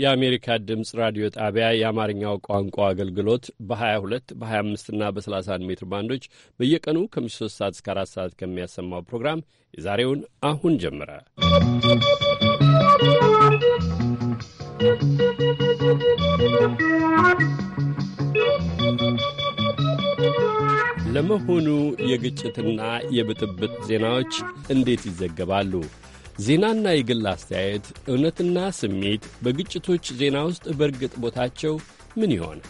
የአሜሪካ ድምፅ ራዲዮ ጣቢያ የአማርኛው ቋንቋ አገልግሎት በ22 በ25ና በ31 ሜትር ባንዶች በየቀኑ ከ 3 ሰዓት እስከ 4 ሰዓት ከሚያሰማው ፕሮግራም የዛሬውን አሁን ጀምረ። ለመሆኑ የግጭትና የብጥብጥ ዜናዎች እንዴት ይዘገባሉ? ዜናና የግል አስተያየት፣ እውነትና ስሜት በግጭቶች ዜና ውስጥ በእርግጥ ቦታቸው ምን ይሆን?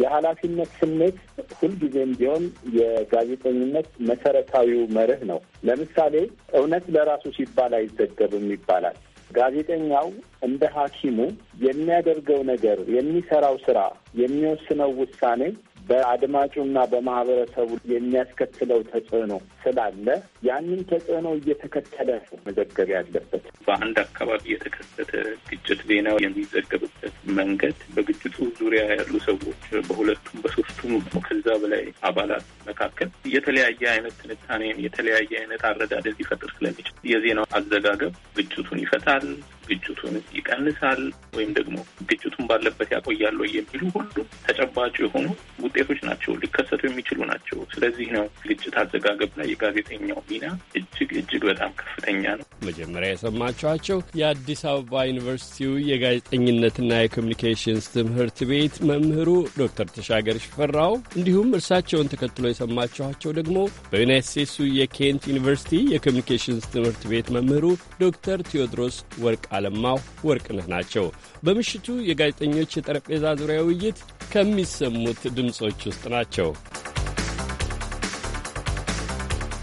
የኃላፊነት ስሜት ሁልጊዜም ቢሆን የጋዜጠኝነት መሰረታዊው መርህ ነው። ለምሳሌ እውነት ለራሱ ሲባል አይዘገብም ይባላል። ጋዜጠኛው እንደ ሐኪሙ የሚያደርገው ነገር፣ የሚሰራው ስራ፣ የሚወስነው ውሳኔ በአድማጩና በማህበረሰቡ የሚያስከትለው ተጽዕኖ ስላለ ያንን ተጽዕኖ እየተከተለ መዘገብ ያለበት። በአንድ አካባቢ የተከሰተ ግጭት ዜና የሚዘገብበት መንገድ በግጭቱ ዙሪያ ያሉ ሰዎች በሁለቱም በሶስቱም ከዛ በላይ አባላት መካከል የተለያየ አይነት ትንታኔን የተለያየ አይነት አረዳደት ሊፈጥር ስለሚችል የዜናው አዘጋገብ ግጭቱን ይፈታል ግጭቱን ይቀንሳል ወይም ደግሞ ግጭቱን ባለበት ያቆያል የሚሉ ሁሉም ተጨባጭ የሆኑ ውጤቶች ናቸው፣ ሊከሰቱ የሚችሉ ናቸው። ስለዚህ ነው ግጭት አዘጋገብ ላይ የጋዜጠኛው ሚና እጅግ እጅግ በጣም ከፍተኛ ነው። መጀመሪያ የሰማችኋቸው የአዲስ አበባ ዩኒቨርሲቲው የጋዜጠኝነትና የኮሚኒኬሽንስ ትምህርት ቤት መምህሩ ዶክተር ተሻገር ሽፈራው እንዲሁም እርሳቸውን ተከትሎ የሰማችኋቸው ደግሞ በዩናይት ስቴትሱ የኬንት ዩኒቨርሲቲ የኮሚኒኬሽንስ ትምህርት ቤት መምህሩ ዶክተር ቴዎድሮስ ወርቃ አለማው ወርቅነህ ናቸው። በምሽቱ የጋዜጠኞች የጠረጴዛ ዙሪያ ውይይት ከሚሰሙት ድምፆች ውስጥ ናቸው።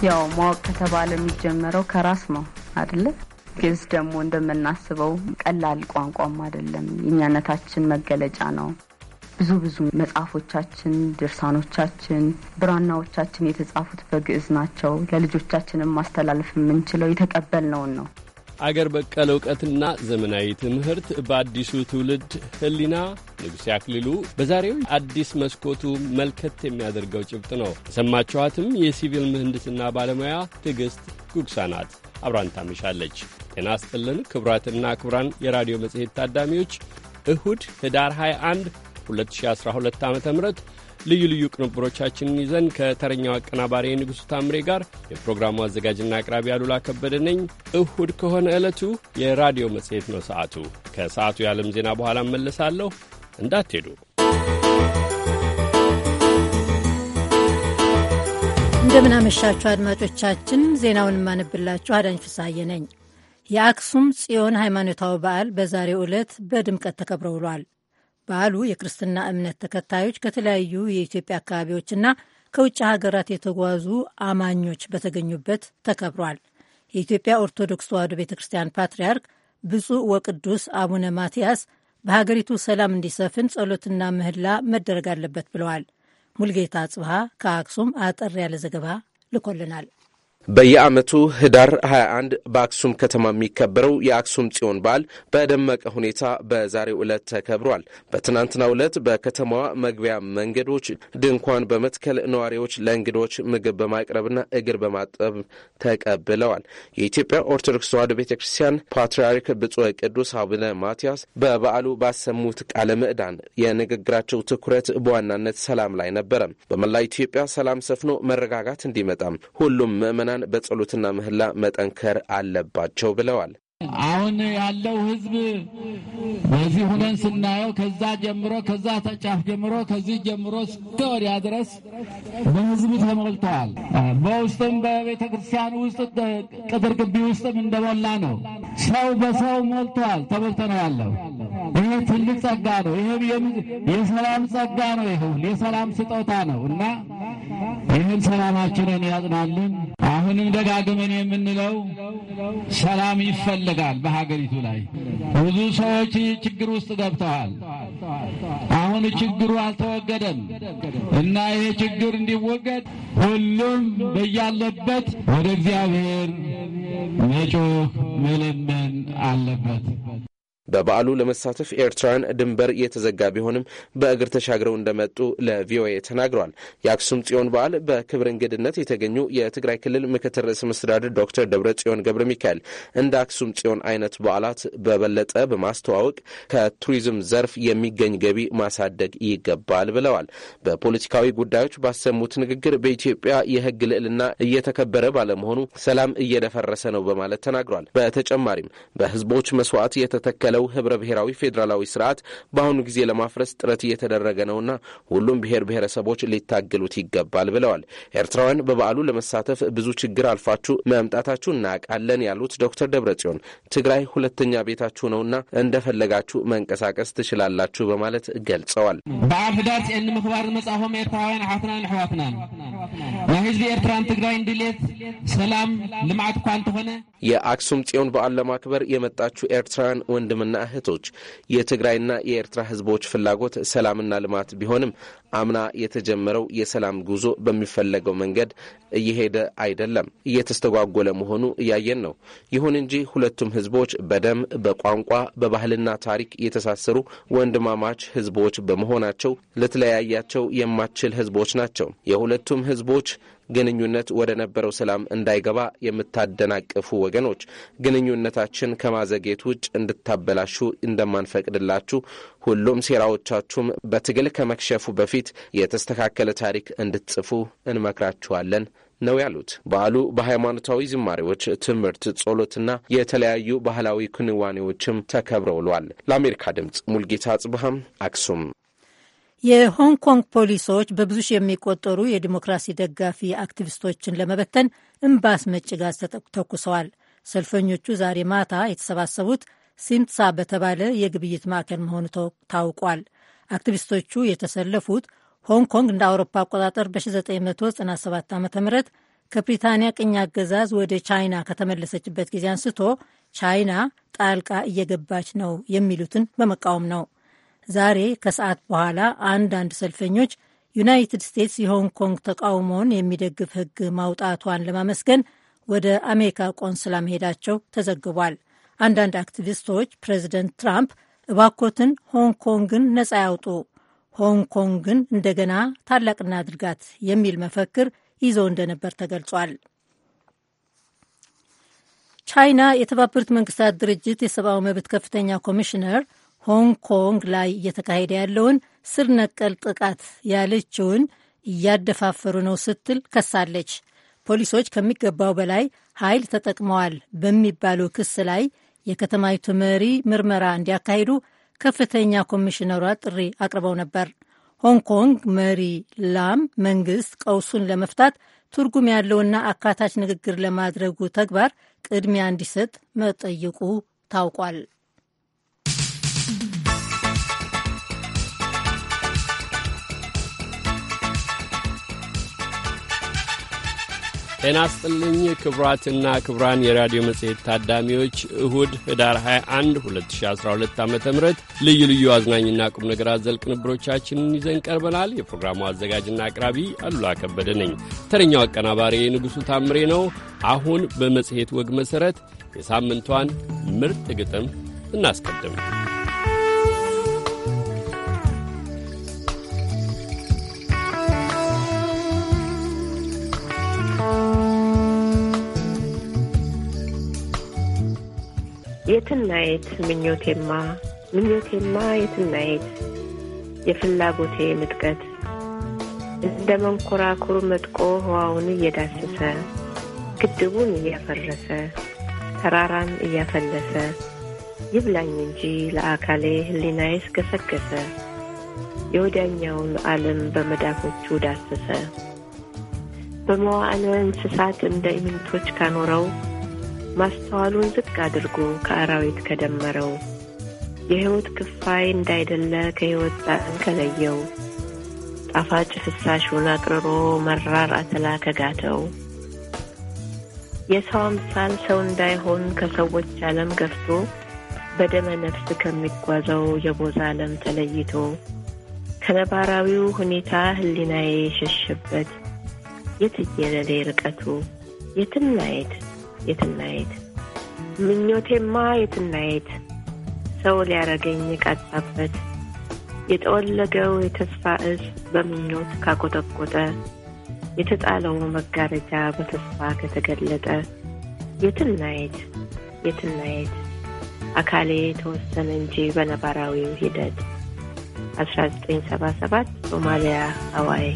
ያው ማወቅ ከተባለ የሚጀመረው ከራስ ነው አደለ? ግዕዝ ደግሞ እንደምናስበው ቀላል ቋንቋም አይደለም። የእኛነታችን መገለጫ ነው። ብዙ ብዙ መጽሐፎቻችን፣ ድርሳኖቻችን፣ ብራናዎቻችን የተጻፉት በግዕዝ ናቸው። ለልጆቻችንም ማስተላለፍ የምንችለው የተቀበልነውን ነው። አገር በቀል እውቀትና ዘመናዊ ትምህርት በአዲሱ ትውልድ ህሊና ንጉሴ አክሊሉ በዛሬው አዲስ መስኮቱ መልከት የሚያደርገው ጭብጥ ነው። የሰማችኋትም የሲቪል ምህንድስና ባለሙያ ትዕግስት ጉግሳ ናት። አብራን ታመሻለች። ጤና ይስጥልን ክቡራትና ክቡራን የራዲዮ መጽሔት ታዳሚዎች እሁድ ህዳር 21 2012 ዓ ም ልዩ ልዩ ቅንብሮቻችንን ይዘን ከተረኛው አቀናባሪ ንጉሥ ታምሬ ጋር የፕሮግራሙ አዘጋጅና አቅራቢ አሉላ ከበደ ነኝ። እሁድ ከሆነ ዕለቱ የራዲዮ መጽሔት ነው ሰዓቱ። ከሰዓቱ የዓለም ዜና በኋላ እመለሳለሁ፣ እንዳትሄዱ። እንደምናመሻችሁ አድማጮቻችን፣ ዜናውን የማነብላችሁ አዳኝ ፍሳዬ ነኝ። የአክሱም ጽዮን ሃይማኖታዊ በዓል በዛሬው ዕለት በድምቀት ተከብሮ ውሏል። በዓሉ የክርስትና እምነት ተከታዮች ከተለያዩ የኢትዮጵያ አካባቢዎችና ከውጭ ሀገራት የተጓዙ አማኞች በተገኙበት ተከብሯል። የኢትዮጵያ ኦርቶዶክስ ተዋሕዶ ቤተ ክርስቲያን ፓትርያርክ ብፁዕ ወቅዱስ አቡነ ማትያስ በሀገሪቱ ሰላም እንዲሰፍን ጸሎትና ምህላ መደረግ አለበት ብለዋል። ሙልጌታ ጽብሃ ከአክሱም አጠር ያለ ዘገባ ልኮልናል። በየዓመቱ ህዳር 21 በአክሱም ከተማ የሚከበረው የአክሱም ጽዮን በዓል በደመቀ ሁኔታ በዛሬው ዕለት ተከብሯል። በትናንትናው ዕለት በከተማዋ መግቢያ መንገዶች ድንኳን በመትከል ነዋሪዎች ለእንግዶች ምግብ በማቅረብና እግር በማጠብ ተቀብለዋል። የኢትዮጵያ ኦርቶዶክስ ተዋሕዶ ቤተ ክርስቲያን ፓትርያርክ ብፁዕ ቅዱስ አቡነ ማትያስ በበዓሉ ባሰሙት ቃለ ምዕዳን የንግግራቸው ትኩረት በዋናነት ሰላም ላይ ነበረ። በመላ ኢትዮጵያ ሰላም ሰፍኖ መረጋጋት እንዲመጣም ሁሉም ምዕመናን ኢትዮጵያውያን በጸሎትና ምህላ መጠንከር አለባቸው ብለዋል። አሁን ያለው ህዝብ በዚህ ሁነን ስናየው ከዛ ጀምሮ ከዛ ተጫፍ ጀምሮ ከዚህ ጀምሮ እስከ ወዲያ ድረስ በሕዝቡ ተሞልተዋል። በውስጥም በቤተ ክርስቲያን ውስጥ ቅጥር ግቢ ውስጥም እንደሞላ ነው። ሰው በሰው ሞልተዋል፣ ተሞልተ ነው ያለው። ይሄ ትልቅ ጸጋ ነው። ይህም የሰላም ጸጋ ነው። ይሁን የሰላም ስጦታ ነው እና ይህን ሰላማችንን ያጽናልን። አሁንም ደጋግመን የምንለው ሰላም ይፈልጋል። በሀገሪቱ ላይ ብዙ ሰዎች ችግር ውስጥ ገብተዋል። አሁን ችግሩ አልተወገደም እና ይሄ ችግር እንዲወገድ ሁሉም በያለበት ወደ እግዚአብሔር መጮህ መለመን አለበት። በበዓሉ ለመሳተፍ ኤርትራውያን ድንበር እየተዘጋ ቢሆንም በእግር ተሻግረው እንደመጡ ለቪኦኤ ተናግሯል። የአክሱም ጽዮን በዓል በክብር እንግድነት የተገኙ የትግራይ ክልል ምክትል ርዕሰ መስተዳድር ዶክተር ደብረ ጽዮን ገብረ ሚካኤል እንደ አክሱም ጽዮን አይነት በዓላት በበለጠ በማስተዋወቅ ከቱሪዝም ዘርፍ የሚገኝ ገቢ ማሳደግ ይገባል ብለዋል። በፖለቲካዊ ጉዳዮች ባሰሙት ንግግር በኢትዮጵያ የሕግ ልዕልና እየተከበረ ባለመሆኑ ሰላም እየደፈረሰ ነው በማለት ተናግሯል። በተጨማሪም በህዝቦች መስዋዕት የተተከለ ያለው ህብረ ብሔራዊ ፌዴራላዊ ስርዓት በአሁኑ ጊዜ ለማፍረስ ጥረት እየተደረገ ነውና ሁሉም ብሔር ብሔረሰቦች ሊታገሉት ይገባል ብለዋል። ኤርትራውያን በበዓሉ ለመሳተፍ ብዙ ችግር አልፋችሁ መምጣታችሁ እናውቃለን ያሉት ዶክተር ደብረጽዮን ትግራይ ሁለተኛ ቤታችሁ ነውና እንደፈለጋችሁ መንቀሳቀስ ትችላላችሁ በማለት ገልጸዋል። በዓል ህዳት ጽዮን ምክባር ዝመጻእኹም ኤርትራውያን ኣሓትናን ኣሕዋትናን ናይ ህዝቢ ኤርትራን ትግራይን ድሌት ሰላም ልምዓት እኳ እንተኾነ የአክሱም ጽዮን በዓል ለማክበር የመጣችው ኤርትራውያን ወንድምና እህቶች የትግራይና የኤርትራ ህዝቦች ፍላጎት ሰላምና ልማት ቢሆንም አምና የተጀመረው የሰላም ጉዞ በሚፈለገው መንገድ እየሄደ አይደለም፣ እየተስተጓጎለ መሆኑ እያየን ነው። ይሁን እንጂ ሁለቱም ህዝቦች በደም በቋንቋ፣ በባህልና ታሪክ የተሳሰሩ ወንድማማች ህዝቦች በመሆናቸው ልትለያያቸው የማትችል ህዝቦች ናቸው። የሁለቱም ህዝቦች። ግንኙነት ወደ ነበረው ሰላም እንዳይገባ የምታደናቅፉ ወገኖች ግንኙነታችን ከማዘጌት ውጭ እንድታበላሹ እንደማንፈቅድላችሁ ሁሉም ሴራዎቻችሁም በትግል ከመክሸፉ በፊት የተስተካከለ ታሪክ እንድትጽፉ እንመክራችኋለን ነው ያሉት። በዓሉ በሃይማኖታዊ ዝማሬዎች፣ ትምህርት፣ ጸሎትና የተለያዩ ባህላዊ ክንዋኔዎችም ተከብረውሏል። ለአሜሪካ ድምፅ ሙልጌታ አጽብሃም አክሱም የሆንግ ኮንግ ፖሊሶች በብዙ ሺህ የሚቆጠሩ የዲሞክራሲ ደጋፊ አክቲቪስቶችን ለመበተን እምባ አስመጪ ጋዝ ተኩሰዋል። ሰልፈኞቹ ዛሬ ማታ የተሰባሰቡት ሲምትሳ በተባለ የግብይት ማዕከል መሆኑ ታውቋል። አክቲቪስቶቹ የተሰለፉት ሆንግ ኮንግ እንደ አውሮፓ አቆጣጠር በ1997 ዓ ም ከብሪታንያ ቅኝ አገዛዝ ወደ ቻይና ከተመለሰችበት ጊዜ አንስቶ ቻይና ጣልቃ እየገባች ነው የሚሉትን በመቃወም ነው። ዛሬ ከሰዓት በኋላ አንዳንድ ሰልፈኞች ዩናይትድ ስቴትስ የሆንግ ኮንግ ተቃውሞውን የሚደግፍ ሕግ ማውጣቷን ለማመስገን ወደ አሜሪካ ቆንስላ መሄዳቸው ተዘግቧል። አንዳንድ አክቲቪስቶች ፕሬዚደንት ትራምፕ እባኮትን ሆንግ ኮንግን ነጻ ያውጡ፣ ሆንግ ኮንግን እንደገና ታላቅና አድርጋት የሚል መፈክር ይዘው እንደነበር ተገልጿል። ቻይና የተባበሩት መንግስታት ድርጅት የሰብአዊ መብት ከፍተኛ ኮሚሽነር ሆንግ ኮንግ ላይ እየተካሄደ ያለውን ስር ነቀል ጥቃት ያለችውን እያደፋፈሩ ነው ስትል ከሳለች። ፖሊሶች ከሚገባው በላይ ኃይል ተጠቅመዋል በሚባለው ክስ ላይ የከተማይቱ መሪ ምርመራ እንዲያካሂዱ ከፍተኛ ኮሚሽነሯ ጥሪ አቅርበው ነበር። ሆንግ ኮንግ መሪ ላም መንግስት ቀውሱን ለመፍታት ትርጉም ያለውና አካታች ንግግር ለማድረጉ ተግባር ቅድሚያ እንዲሰጥ መጠየቁ ታውቋል። ጤና ስጥልኝ ክቡራትና ክቡራን የራዲዮ መጽሔት ታዳሚዎች እሁድ ህዳር 21 2012 ዓ ም ልዩ ልዩ አዝናኝና ቁም ነገር አዘል ቅንብሮቻችንን ይዘን ቀርበናል። የፕሮግራሙ አዘጋጅና አቅራቢ አሉላ ከበደ ነኝ። ተረኛው አቀናባሪ ንጉሡ ታምሬ ነው። አሁን በመጽሔት ወግ መሠረት የሳምንቷን ምርጥ ግጥም እናስቀድም። የትናየት ምኞቴማ ምኞቴማ የትናየት የፍላጎቴ ምጥቀት እንደ መንኮራኩር መጥቆ ህዋውን እየዳሰሰ ግድቡን እያፈረሰ ተራራን እያፈለሰ ይብላኝ እንጂ ለአካሌ ህሊናዬ ገሰገሰ የወዲያኛውን ዓለም በመዳፎቹ ዳሰሰ በመዋዕለ እንስሳት እንደ ኢምንቶች ካኖረው ማስተዋሉን ዝቅ አድርጎ ከአራዊት ከደመረው የሕይወት ክፋይ እንዳይደለ ከሕይወት ጣዕም ከለየው ጣፋጭ ፍሳሹን አቅርሮ መራር አተላ ከጋተው የሰው አምሳል ሰው እንዳይሆን ከሰዎች ዓለም ገፍቶ በደመ ነፍስ ከሚጓዘው የቦዛ ዓለም ተለይቶ ከነባራዊው ሁኔታ ሕሊናዬ የሸሸበት የትየለሌ ርቀቱ የትናየት የትናየት ምኞቴማ የትናየት ሰው ሊያረገኝ የቃጣበት የጠወለገው የተስፋ እስ በምኞት ካቆጠቆጠ የተጣለው መጋረጃ በተስፋ ከተገለጠ የትናየት የትናየት አካሌ ተወሰነ እንጂ በነባራዊው ሂደት 1977 ሶማሊያ አዋይ!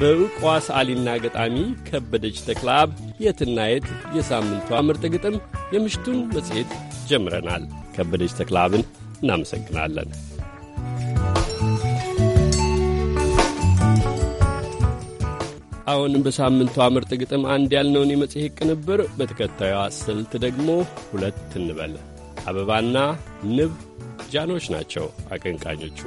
በዕውቋ አሊና ገጣሚ ከበደች ተክላብ የትናየት የሳምንቷ ምርጥ ግጥም የምሽቱን መጽሔት ጀምረናል። ከበደች ተክላብን እናመሰግናለን። አሁንም በሳምንቷ ምርጥ ግጥም አንድ ያልነውን የመጽሔት ቅንብር በተከታዩ ስልት ደግሞ ሁለት እንበል። አበባና ንብ ጃኖች ናቸው አቀንቃኞቹ።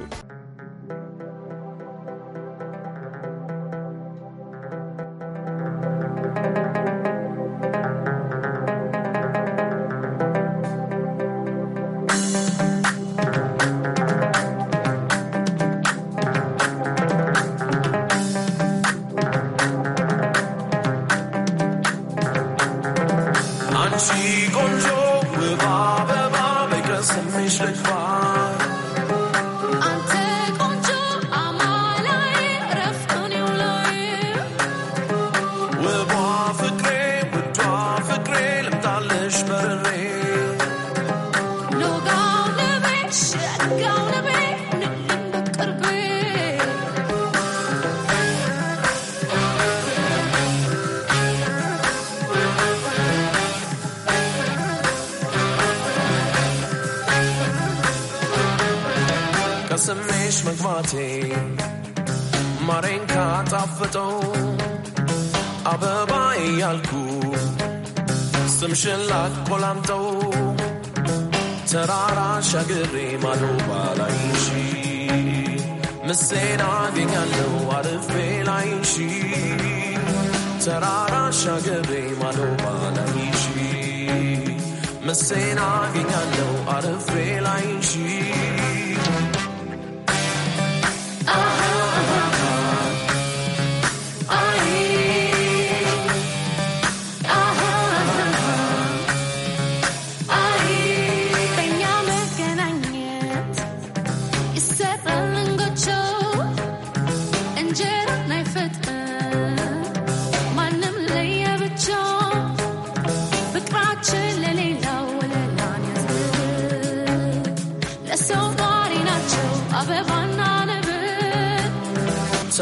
እናቴ ማሬን ካጣፈጠው አበባ እያልኩ ስምሽን ላቆላምጠው ተራራ ሻግሬ ማዶ ባላይሽ ምሴን አገኛለሁ አርፌ ላይሽ ተራራ ሻግሬ ማዶ ባላይሽ ምሴን አገኛለሁ አርፌ ላይሽ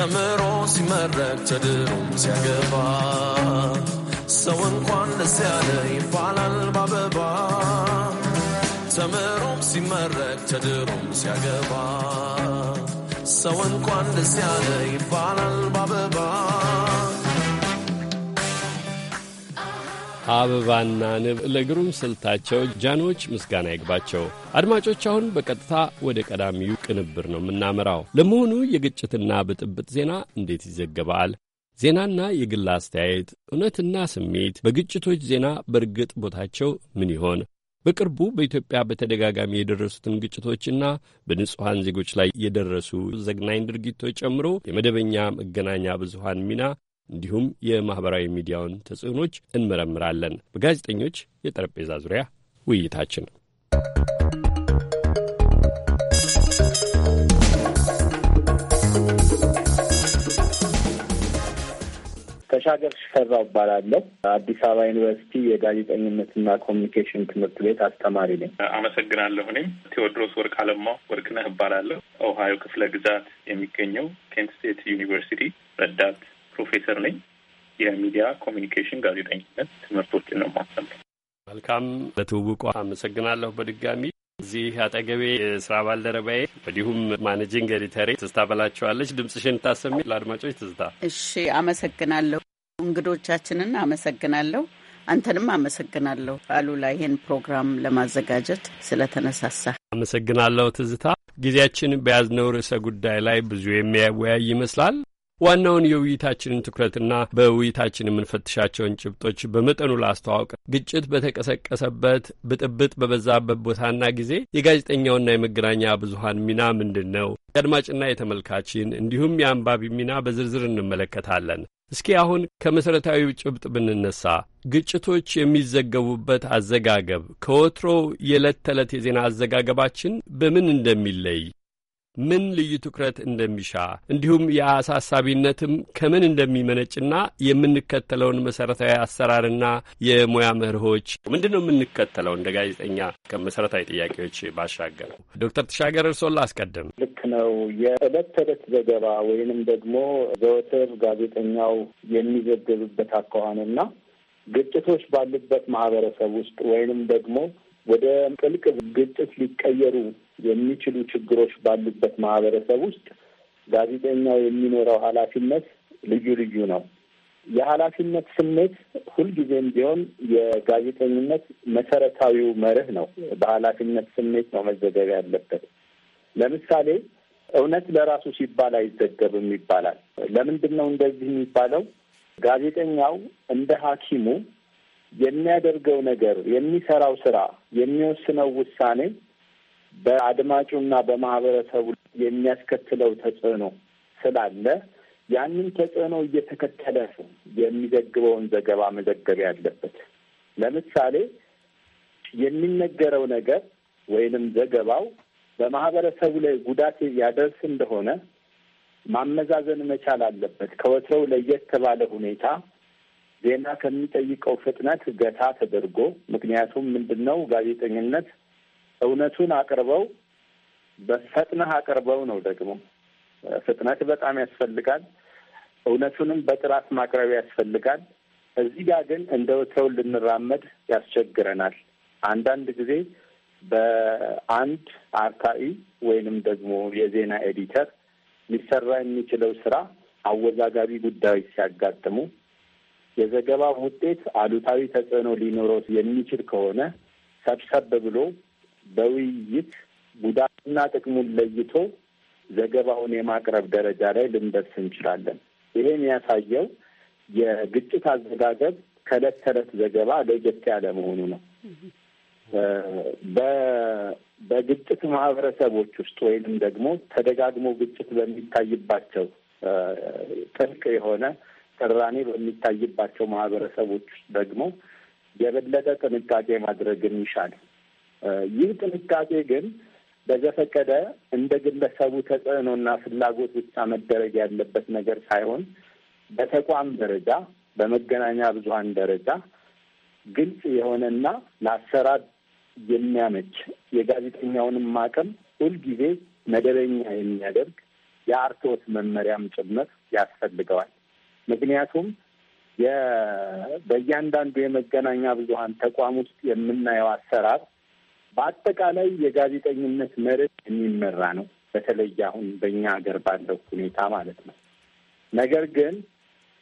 ተምሮ ሲመረቅ ተድሮም ሲያገባ ሰው እንኳን ደስ ያለ ይባላል ባበባ ተምሮም ሲመረቅ ተድሮም ሲያገባ ሰው እንኳን ደስ ያለ ይባላል ባበባ አበባና ንብ ለግሩም ስልታቸው ጃኖች ምስጋና ይግባቸው። አድማጮች፣ አሁን በቀጥታ ወደ ቀዳሚው ቅንብር ነው የምናመራው። ለመሆኑ የግጭትና ብጥብጥ ዜና እንዴት ይዘገባል? ዜናና የግል አስተያየት፣ እውነትና ስሜት በግጭቶች ዜና በእርግጥ ቦታቸው ምን ይሆን? በቅርቡ በኢትዮጵያ በተደጋጋሚ የደረሱትን ግጭቶችና በንጹሐን ዜጎች ላይ የደረሱ ዘግናኝ ድርጊቶች ጨምሮ የመደበኛ መገናኛ ብዙሃን ሚና እንዲሁም የማኅበራዊ ሚዲያውን ተጽዕኖች እንመረምራለን። በጋዜጠኞች የጠረጴዛ ዙሪያ ውይይታችን ተሻገር ሽፈራው እባላለሁ። አዲስ አበባ ዩኒቨርሲቲ የጋዜጠኝነትና ኮሚኒኬሽን ትምህርት ቤት አስተማሪ ነኝ። አመሰግናለሁ። እኔም ቴዎድሮስ ወርቅ አለማው ወርቅነህ እባላለሁ። ኦሃዮ ክፍለ ግዛት የሚገኘው ኬንት ስቴት ዩኒቨርሲቲ ረዳት ፕሮፌሰር ነኝ። የሚዲያ ኮሚኒኬሽን፣ ጋዜጠኝነት ትምህርቶችን ነው ማስተምረው። መልካም ለትውውቁ አመሰግናለሁ። በድጋሚ እዚህ አጠገቤ የስራ ባልደረባዬ እንዲሁም ማኔጂንግ ኤዲተሬ ትዝታ በላቸዋለች። ድምፅሽን ታሰሚ ለአድማጮች ትዝታ። እሺ፣ አመሰግናለሁ። እንግዶቻችንን አመሰግናለሁ። አንተንም አመሰግናለሁ አሉላ፣ ይህን ፕሮግራም ለማዘጋጀት ስለተነሳሳ አመሰግናለሁ። ትዝታ፣ ጊዜያችን በያዝነው ርዕሰ ጉዳይ ላይ ብዙ የሚያወያይ ይመስላል። ዋናውን የውይይታችንን ትኩረትና በውይይታችን የምንፈትሻቸውን ጭብጦች በመጠኑ ላስተዋውቅ። ግጭት በተቀሰቀሰበት ብጥብጥ በበዛበት ቦታና ጊዜ የጋዜጠኛውና የመገናኛ ብዙሀን ሚና ምንድን ነው? የአድማጭና የተመልካችን እንዲሁም የአንባቢ ሚና በዝርዝር እንመለከታለን። እስኪ አሁን ከመሠረታዊው ጭብጥ ብንነሳ ግጭቶች የሚዘገቡበት አዘጋገብ ከወትሮ የዕለት ተዕለት የዜና አዘጋገባችን በምን እንደሚለይ ምን ልዩ ትኩረት እንደሚሻ እንዲሁም የአሳሳቢነትም ከምን እንደሚመነጭና የምንከተለውን መሰረታዊ አሰራርና የሙያ መርሆች ምንድን ነው የምንከተለው እንደ ጋዜጠኛ ከመሰረታዊ ጥያቄዎች ባሻገር። ዶክተር ተሻገር እርስዎን ላስቀድም። ልክ ነው። የዕለት ተዕለት ዘገባ ወይንም ደግሞ ዘወትር ጋዜጠኛው የሚዘገብበት አኳኋንና ግጭቶች ባሉበት ማህበረሰብ ውስጥ ወይንም ደግሞ ወደ ጥልቅ ግጭት ሊቀየሩ የሚችሉ ችግሮች ባሉበት ማህበረሰብ ውስጥ ጋዜጠኛው የሚኖረው ኃላፊነት ልዩ ልዩ ነው። የኃላፊነት ስሜት ሁልጊዜም ቢሆን የጋዜጠኝነት መሰረታዊው መርህ ነው። በኃላፊነት ስሜት ነው መዘገብ ያለበት። ለምሳሌ እውነት ለራሱ ሲባል አይዘገብም ይባላል። ለምንድን ነው እንደዚህ የሚባለው? ጋዜጠኛው እንደ ሐኪሙ የሚያደርገው ነገር፣ የሚሰራው ስራ፣ የሚወስነው ውሳኔ በአድማጩና በማህበረሰቡ የሚያስከትለው ተጽዕኖ ስላለ ያንን ተጽዕኖ እየተከተለ የሚዘግበውን ዘገባ መዘገብ ያለበት። ለምሳሌ የሚነገረው ነገር ወይንም ዘገባው በማህበረሰቡ ላይ ጉዳት ያደርስ እንደሆነ ማመዛዘን መቻል አለበት። ከወትሮው ለየት ተባለ ሁኔታ ዜና ከሚጠይቀው ፍጥነት ገታ ተደርጎ ምክንያቱም ምንድን ነው ጋዜጠኝነት እውነቱን አቅርበው በፈጥነህ አቅርበው ነው። ደግሞ ፍጥነት በጣም ያስፈልጋል። እውነቱንም በጥራት ማቅረብ ያስፈልጋል። እዚህ ጋር ግን እንደ ወትሮው ልንራመድ ያስቸግረናል። አንዳንድ ጊዜ በአንድ አርታኢ ወይንም ደግሞ የዜና ኤዲተር ሊሰራ የሚችለው ስራ አወዛጋቢ ጉዳዮች ሲያጋጥሙ የዘገባው ውጤት አሉታዊ ተጽዕኖ ሊኖረው የሚችል ከሆነ ሰብሰብ ብሎ በውይይት ጉዳትና ጥቅሙን ለይቶ ዘገባውን የማቅረብ ደረጃ ላይ ልንደርስ እንችላለን። ይሄን ያሳየው የግጭት አዘጋገብ ከእለት ተዕለት ዘገባ ለየት ያለ መሆኑ ነው። በግጭት ማህበረሰቦች ውስጥ ወይንም ደግሞ ተደጋግሞ ግጭት በሚታይባቸው ጥልቅ የሆነ ቅራኔ በሚታይባቸው ማህበረሰቦች ውስጥ ደግሞ የበለጠ ጥንቃቄ ማድረግን ይሻል። ይህ ጥንቃቄ ግን በዘፈቀደ እንደ ግለሰቡ ተጽዕኖና ፍላጎት ብቻ መደረግ ያለበት ነገር ሳይሆን በተቋም ደረጃ በመገናኛ ብዙኃን ደረጃ ግልጽ የሆነና ለአሰራር የሚያመች የጋዜጠኛውንም አቅም ሁልጊዜ መደበኛ የሚያደርግ የአርትዖት መመሪያም ጭምር ያስፈልገዋል። ምክንያቱም በእያንዳንዱ የመገናኛ ብዙኃን ተቋም ውስጥ የምናየው አሰራር በአጠቃላይ የጋዜጠኝነት መርህ የሚመራ ነው። በተለይ አሁን በእኛ ሀገር ባለው ሁኔታ ማለት ነው። ነገር ግን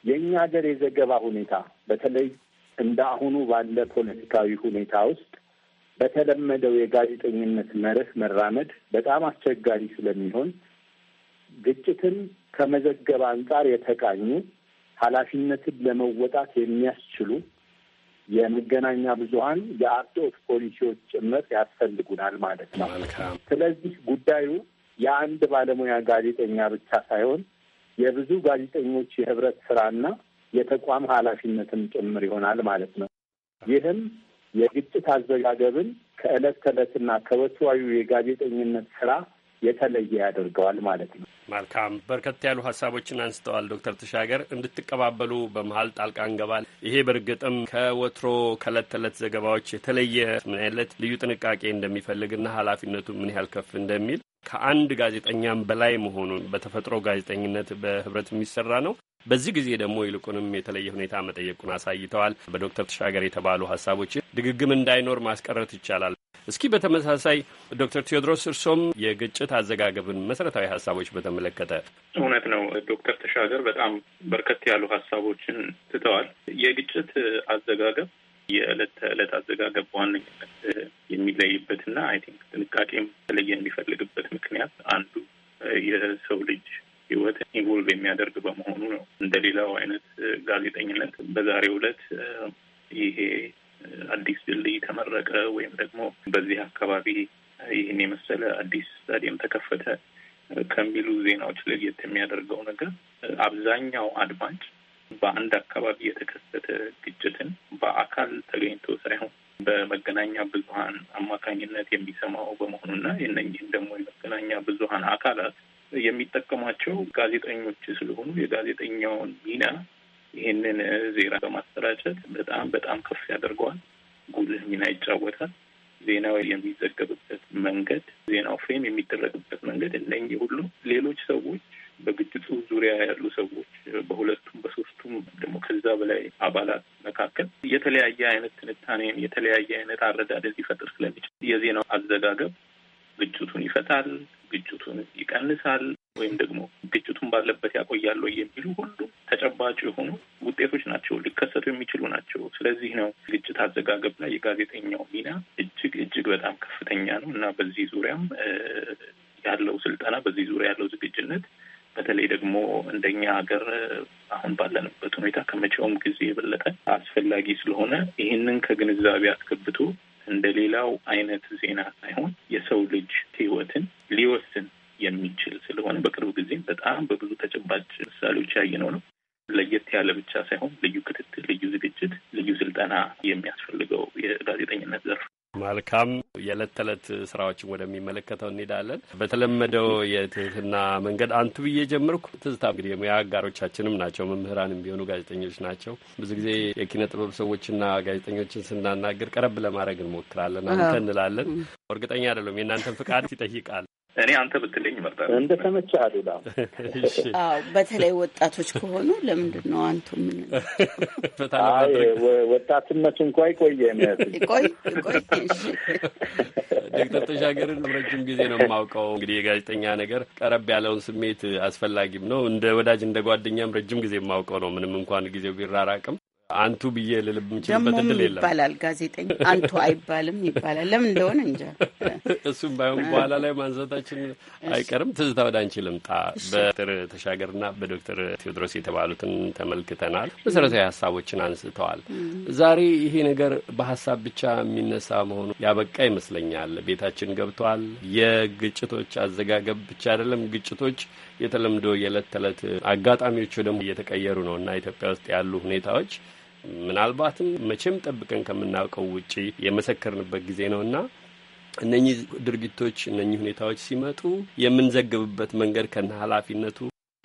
የእኛ ሀገር የዘገባ ሁኔታ በተለይ እንደ አሁኑ ባለ ፖለቲካዊ ሁኔታ ውስጥ በተለመደው የጋዜጠኝነት መርህ መራመድ በጣም አስቸጋሪ ስለሚሆን ግጭትን ከመዘገብ አንጻር የተቃኙ ኃላፊነትን ለመወጣት የሚያስችሉ የመገናኛ ብዙኃን የአርት ፖሊሲዎች ጭምር ያስፈልጉናል ማለት ነው። ስለዚህ ጉዳዩ የአንድ ባለሙያ ጋዜጠኛ ብቻ ሳይሆን የብዙ ጋዜጠኞች የህብረት ስራና የተቋም ኃላፊነትም ጭምር ይሆናል ማለት ነው። ይህም የግጭት አዘጋገብን ከዕለት ተዕለትና ከወትዋዩ የጋዜጠኝነት ስራ የተለየ ያደርገዋል ማለት ነው። መልካም በርከት ያሉ ሀሳቦችን አንስተዋል ዶክተር ተሻገር እንድትቀባበሉ በመሀል ጣልቃ እንገባል። ይሄ በእርግጥም ከወትሮ ከእለት ተዕለት ዘገባዎች የተለየ ምን አይነት ልዩ ጥንቃቄ እንደሚፈልግና ኃላፊነቱ ምን ያህል ከፍ እንደሚል ከአንድ ጋዜጠኛም በላይ መሆኑን በተፈጥሮ ጋዜጠኝነት በህብረት የሚሰራ ነው። በዚህ ጊዜ ደግሞ ይልቁንም የተለየ ሁኔታ መጠየቁን አሳይተዋል። በዶክተር ተሻገር የተባሉ ሀሳቦች ድግግም እንዳይኖር ማስቀረት ይቻላል። እስኪ በተመሳሳይ ዶክተር ቴዎድሮስ እርሶም የግጭት አዘጋገብን መሰረታዊ ሀሳቦች በተመለከተ። እውነት ነው ዶክተር ተሻገር በጣም በርከት ያሉ ሀሳቦችን ትተዋል። የግጭት አዘጋገብ የዕለት ተዕለት አዘጋገብ በዋነኝነት የሚለይበትና አይ ቲንክ ጥንቃቄም የተለየ የሚፈልግበት ምክንያት አንዱ የሰው ልጅ ህይወት ኢንቮልቭ የሚያደርግ በመሆኑ ነው። እንደሌላው አይነት ጋዜጠኝነት በዛሬው ዕለት ይሄ አዲስ ድልድይ ተመረቀ ወይም ደግሞ በዚህ አካባቢ ይህን የመሰለ አዲስ ስታዲየም ተከፈተ ከሚሉ ዜናዎች ለየት የሚያደርገው ነገር አብዛኛው አድማጭ በአንድ አካባቢ የተከሰተ ግጭትን በአካል ተገኝቶ ሳይሆን በመገናኛ ብዙኃን አማካኝነት የሚሰማው በመሆኑና እነኝህን ደግሞ የመገናኛ ብዙኃን አካላት የሚጠቀሟቸው ጋዜጠኞች ስለሆኑ የጋዜጠኛውን ሚና ይህንን ዜና በማሰራጨት በጣም በጣም ከፍ ያደርገዋል። ጉልህ ሚና ይጫወታል። ዜናው የሚዘገብበት መንገድ፣ ዜናው ፍሬም የሚደረግበት መንገድ እነኚህ ሁሉ ሌሎች ሰዎች በግጭቱ ዙሪያ ያሉ ሰዎች በሁለቱም በሶስቱም ደግሞ ከዛ በላይ አባላት መካከል የተለያየ አይነት ትንታኔን የተለያየ አይነት አረዳደር ሊፈጥር ስለሚችል የዜናው አዘጋገብ ግጭቱን ይፈታል፣ ግጭቱን ይቀንሳል ወይም ደግሞ ግጭቱን ባለበት ያቆያል የሚሉ ሁሉ ተጨባጭ የሆኑ ውጤቶች ናቸው፣ ሊከሰቱ የሚችሉ ናቸው። ስለዚህ ነው ግጭት አዘጋገብ ላይ የጋዜጠኛው ሚና እጅግ እጅግ በጣም ከፍተኛ ነው እና በዚህ ዙሪያም ያለው ስልጠና፣ በዚህ ዙሪያ ያለው ዝግጅነት በተለይ ደግሞ እንደኛ ሀገር አሁን ባለንበት ሁኔታ ከመቼውም ጊዜ የበለጠ አስፈላጊ ስለሆነ ይህንን ከግንዛቤ አስገብቶ እንደ ሌላው አይነት ዜና ሳይሆን የሰው ልጅ ህይወትን ሊወስን የሚችል ስለሆነ በቅርብ ጊዜ በጣም በብዙ ተጨባጭ ምሳሌዎች ያየነው ነው። ለየት ያለ ብቻ ሳይሆን ልዩ ክትትል፣ ልዩ ዝግጅት፣ ልዩ ስልጠና የሚያስፈልገው የጋዜጠኝነት ዘርፍ መልካም የዕለት ተዕለት ስራዎችን ወደሚመለከተው እንሄዳለን። በተለመደው የትህትና መንገድ አንቱ ብዬ ጀምርኩ። ትዝታ እንግዲህ የሙያ አጋሮቻችንም ናቸው፣ መምህራንም ቢሆኑ ጋዜጠኞች ናቸው። ብዙ ጊዜ የኪነ ጥበብ ሰዎችና ጋዜጠኞችን ስናናገር ቀረብ ለማድረግ እንሞክራለን። አንተ እንላለን። እርግጠኛ አይደለም የእናንተን ፍቃድ ይጠይቃል እኔ አንተ ብትለኝ ይመርጣል። እንደ ተመቸ አሉላ። አዎ በተለይ ወጣቶች ከሆኑ ለምንድን ነው አንቱ ምን ወጣትነቱ እንኳ ይቆየ ቆይ። ዶክተር ተሻገርን ረጅም ጊዜ ነው የማውቀው። እንግዲህ የጋዜጠኛ ነገር ቀረብ ያለውን ስሜት አስፈላጊም ነው። እንደ ወዳጅ እንደ ጓደኛም ረጅም ጊዜ የማውቀው ነው፣ ምንም እንኳን ጊዜው ቢራራቅም አንቱ ብዬ ልልብ የምችልበት ድል የለም። ይባላል ጋዜጠኛ አንቱ አይባልም ይባላል። ለምን እንደሆነ እንጃ። እሱም ባይሆን በኋላ ላይ ማንሳታችን አይቀርም። ትዝታ ወደ አንቺ ልምጣ። በዶክተር ተሻገርና በዶክተር ቴዎድሮስ የተባሉትን ተመልክተናል። መሰረታዊ ሀሳቦችን አንስተዋል። ዛሬ ይሄ ነገር በሀሳብ ብቻ የሚነሳ መሆኑ ያበቃ ይመስለኛል። ቤታችን ገብቷል። የግጭቶች አዘጋገብ ብቻ አይደለም ግጭቶች የተለምዶ የዕለት ተዕለት አጋጣሚዎቹ ደግሞ እየተቀየሩ ነው እና ኢትዮጵያ ውስጥ ያሉ ሁኔታዎች ምናልባትም መቼም ጠብቀን ከምናውቀው ውጪ የመሰከርንበት ጊዜ ነው እና እነኚህ ድርጊቶች እነኚህ ሁኔታዎች ሲመጡ የምንዘግብበት መንገድ ከነ ኃላፊነቱ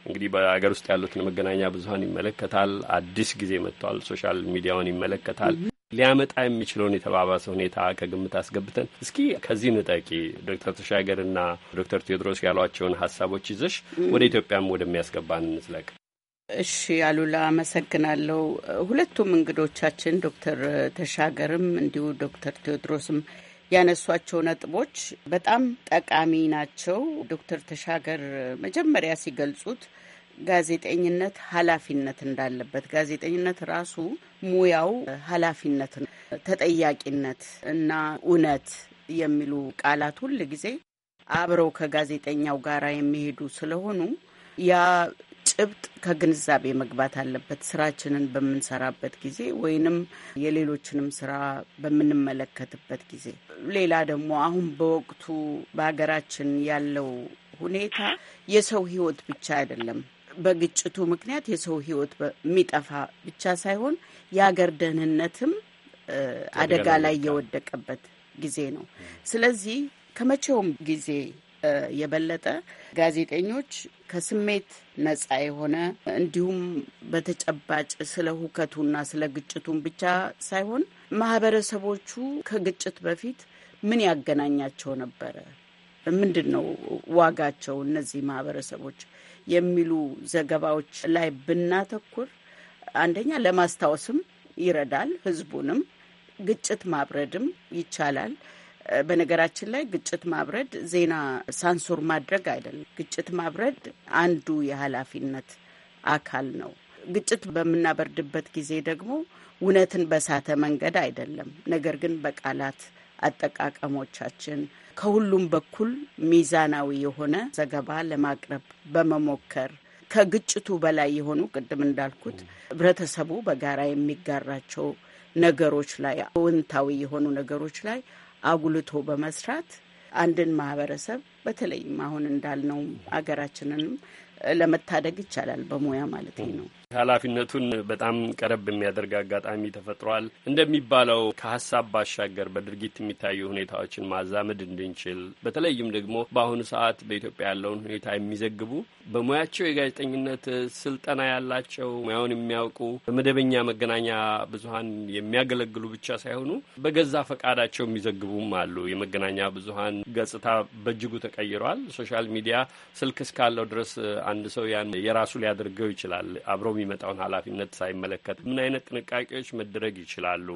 እንግዲህ በሀገር ውስጥ ያሉትን መገናኛ ብዙኃን ይመለከታል። አዲስ ጊዜ መጥቷል። ሶሻል ሚዲያውን ይመለከታል። ሊያመጣ የሚችለውን የተባባሰ ሁኔታ ከግምት አስገብተን እስኪ ከዚህ ንጠቂ ዶክተር እና ዶክተር ቴዎድሮስ ያሏቸውን ሀሳቦች ይዘሽ ወደ ኢትዮጵያም ወደሚያስገባን እንዝለቅ። እሺ አሉላ አመሰግናለሁ። ሁለቱም እንግዶቻችን ዶክተር ተሻገርም እንዲሁ ዶክተር ቴዎድሮስም ያነሷቸው ነጥቦች በጣም ጠቃሚ ናቸው። ዶክተር ተሻገር መጀመሪያ ሲገልጹት ጋዜጠኝነት ኃላፊነት እንዳለበት ጋዜጠኝነት ራሱ ሙያው ኃላፊነት ነው። ተጠያቂነት እና እውነት የሚሉ ቃላት ሁል ጊዜ አብረው ከጋዜጠኛው ጋር የሚሄዱ ስለሆኑ ያ ጭብጥ ከግንዛቤ መግባት አለበት። ስራችንን በምንሰራበት ጊዜ ወይንም የሌሎችንም ስራ በምንመለከትበት ጊዜ፣ ሌላ ደግሞ አሁን በወቅቱ በሀገራችን ያለው ሁኔታ የሰው ሕይወት ብቻ አይደለም በግጭቱ ምክንያት የሰው ህይወት የሚጠፋ ብቻ ሳይሆን የአገር ደህንነትም አደጋ ላይ የወደቀበት ጊዜ ነው። ስለዚህ ከመቼውም ጊዜ የበለጠ ጋዜጠኞች ከስሜት ነጻ የሆነ እንዲሁም በተጨባጭ ስለ ሁከቱና ስለ ግጭቱን ብቻ ሳይሆን ማህበረሰቦቹ ከግጭት በፊት ምን ያገናኛቸው ነበረ? ምንድን ነው ዋጋቸው እነዚህ ማህበረሰቦች የሚሉ ዘገባዎች ላይ ብናተኩር አንደኛ ለማስታወስም ይረዳል፣ ህዝቡንም ግጭት ማብረድም ይቻላል። በነገራችን ላይ ግጭት ማብረድ ዜና ሳንሱር ማድረግ አይደለም። ግጭት ማብረድ አንዱ የኃላፊነት አካል ነው። ግጭት በምናበርድበት ጊዜ ደግሞ እውነትን በሳተ መንገድ አይደለም፣ ነገር ግን በቃላት አጠቃቀሞቻችን ከሁሉም በኩል ሚዛናዊ የሆነ ዘገባ ለማቅረብ በመሞከር ከግጭቱ በላይ የሆኑ ቅድም እንዳልኩት ህብረተሰቡ በጋራ የሚጋራቸው ነገሮች ላይ አውንታዊ የሆኑ ነገሮች ላይ አጉልቶ በመስራት አንድን ማህበረሰብ በተለይም አሁን እንዳልነው አገራችንንም ለመታደግ ይቻላል። በሙያ ማለት ነው። ኃላፊነቱን በጣም ቀረብ የሚያደርግ አጋጣሚ ተፈጥሯል። እንደሚባለው ከሀሳብ ባሻገር በድርጊት የሚታዩ ሁኔታዎችን ማዛመድ እንድንችል በተለይም ደግሞ በአሁኑ ሰዓት በኢትዮጵያ ያለውን ሁኔታ የሚዘግቡ በሙያቸው የጋዜጠኝነት ስልጠና ያላቸው ሙያውን የሚያውቁ በመደበኛ መገናኛ ብዙኃን የሚያገለግሉ ብቻ ሳይሆኑ በገዛ ፈቃዳቸው የሚዘግቡም አሉ። የመገናኛ ብዙኃን ገጽታ በእጅጉ ተቀይሯል። ሶሻል ሚዲያ ስልክ እስካለው ድረስ አንድ ሰው ያን የራሱ ሊያደርገው ይችላል አብረው የሚመጣውን ኃላፊነት ሳይመለከት ምን አይነት ጥንቃቄዎች መደረግ ይችላሉ?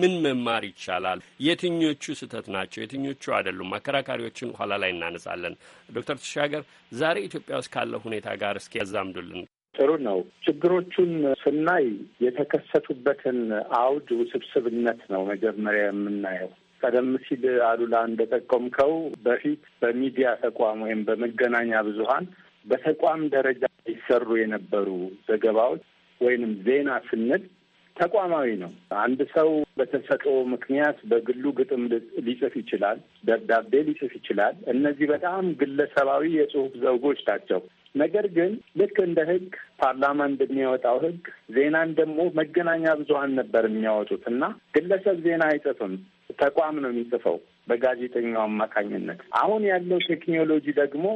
ምን መማር ይቻላል? የትኞቹ ስህተት ናቸው? የትኞቹ አይደሉም? አከራካሪዎችን ኋላ ላይ እናነሳለን። ዶክተር ተሻገር ዛሬ ኢትዮጵያ ውስጥ ካለው ሁኔታ ጋር እስኪ ያዛምዱልን። ጥሩ ነው። ችግሮቹን ስናይ የተከሰቱበትን አውድ ውስብስብነት ነው መጀመሪያ የምናየው። ቀደም ሲል አሉላ እንደጠቆምከው በፊት በሚዲያ ተቋም ወይም በመገናኛ ብዙኃን በተቋም ደረጃ ይሰሩ የነበሩ ዘገባዎች ወይንም ዜና ስንል ተቋማዊ ነው። አንድ ሰው በተሰጥኦ ምክንያት በግሉ ግጥም ሊጽፍ ይችላል፣ ደብዳቤ ሊጽፍ ይችላል። እነዚህ በጣም ግለሰባዊ የጽሁፍ ዘውጎች ናቸው። ነገር ግን ልክ እንደ ህግ ፓርላማ እንደሚያወጣው ህግ ዜናን ደግሞ መገናኛ ብዙሀን ነበር የሚያወጡት እና ግለሰብ ዜና አይጽፍም፣ ተቋም ነው የሚጽፈው በጋዜጠኛው አማካኝነት። አሁን ያለው ቴክኖሎጂ ደግሞ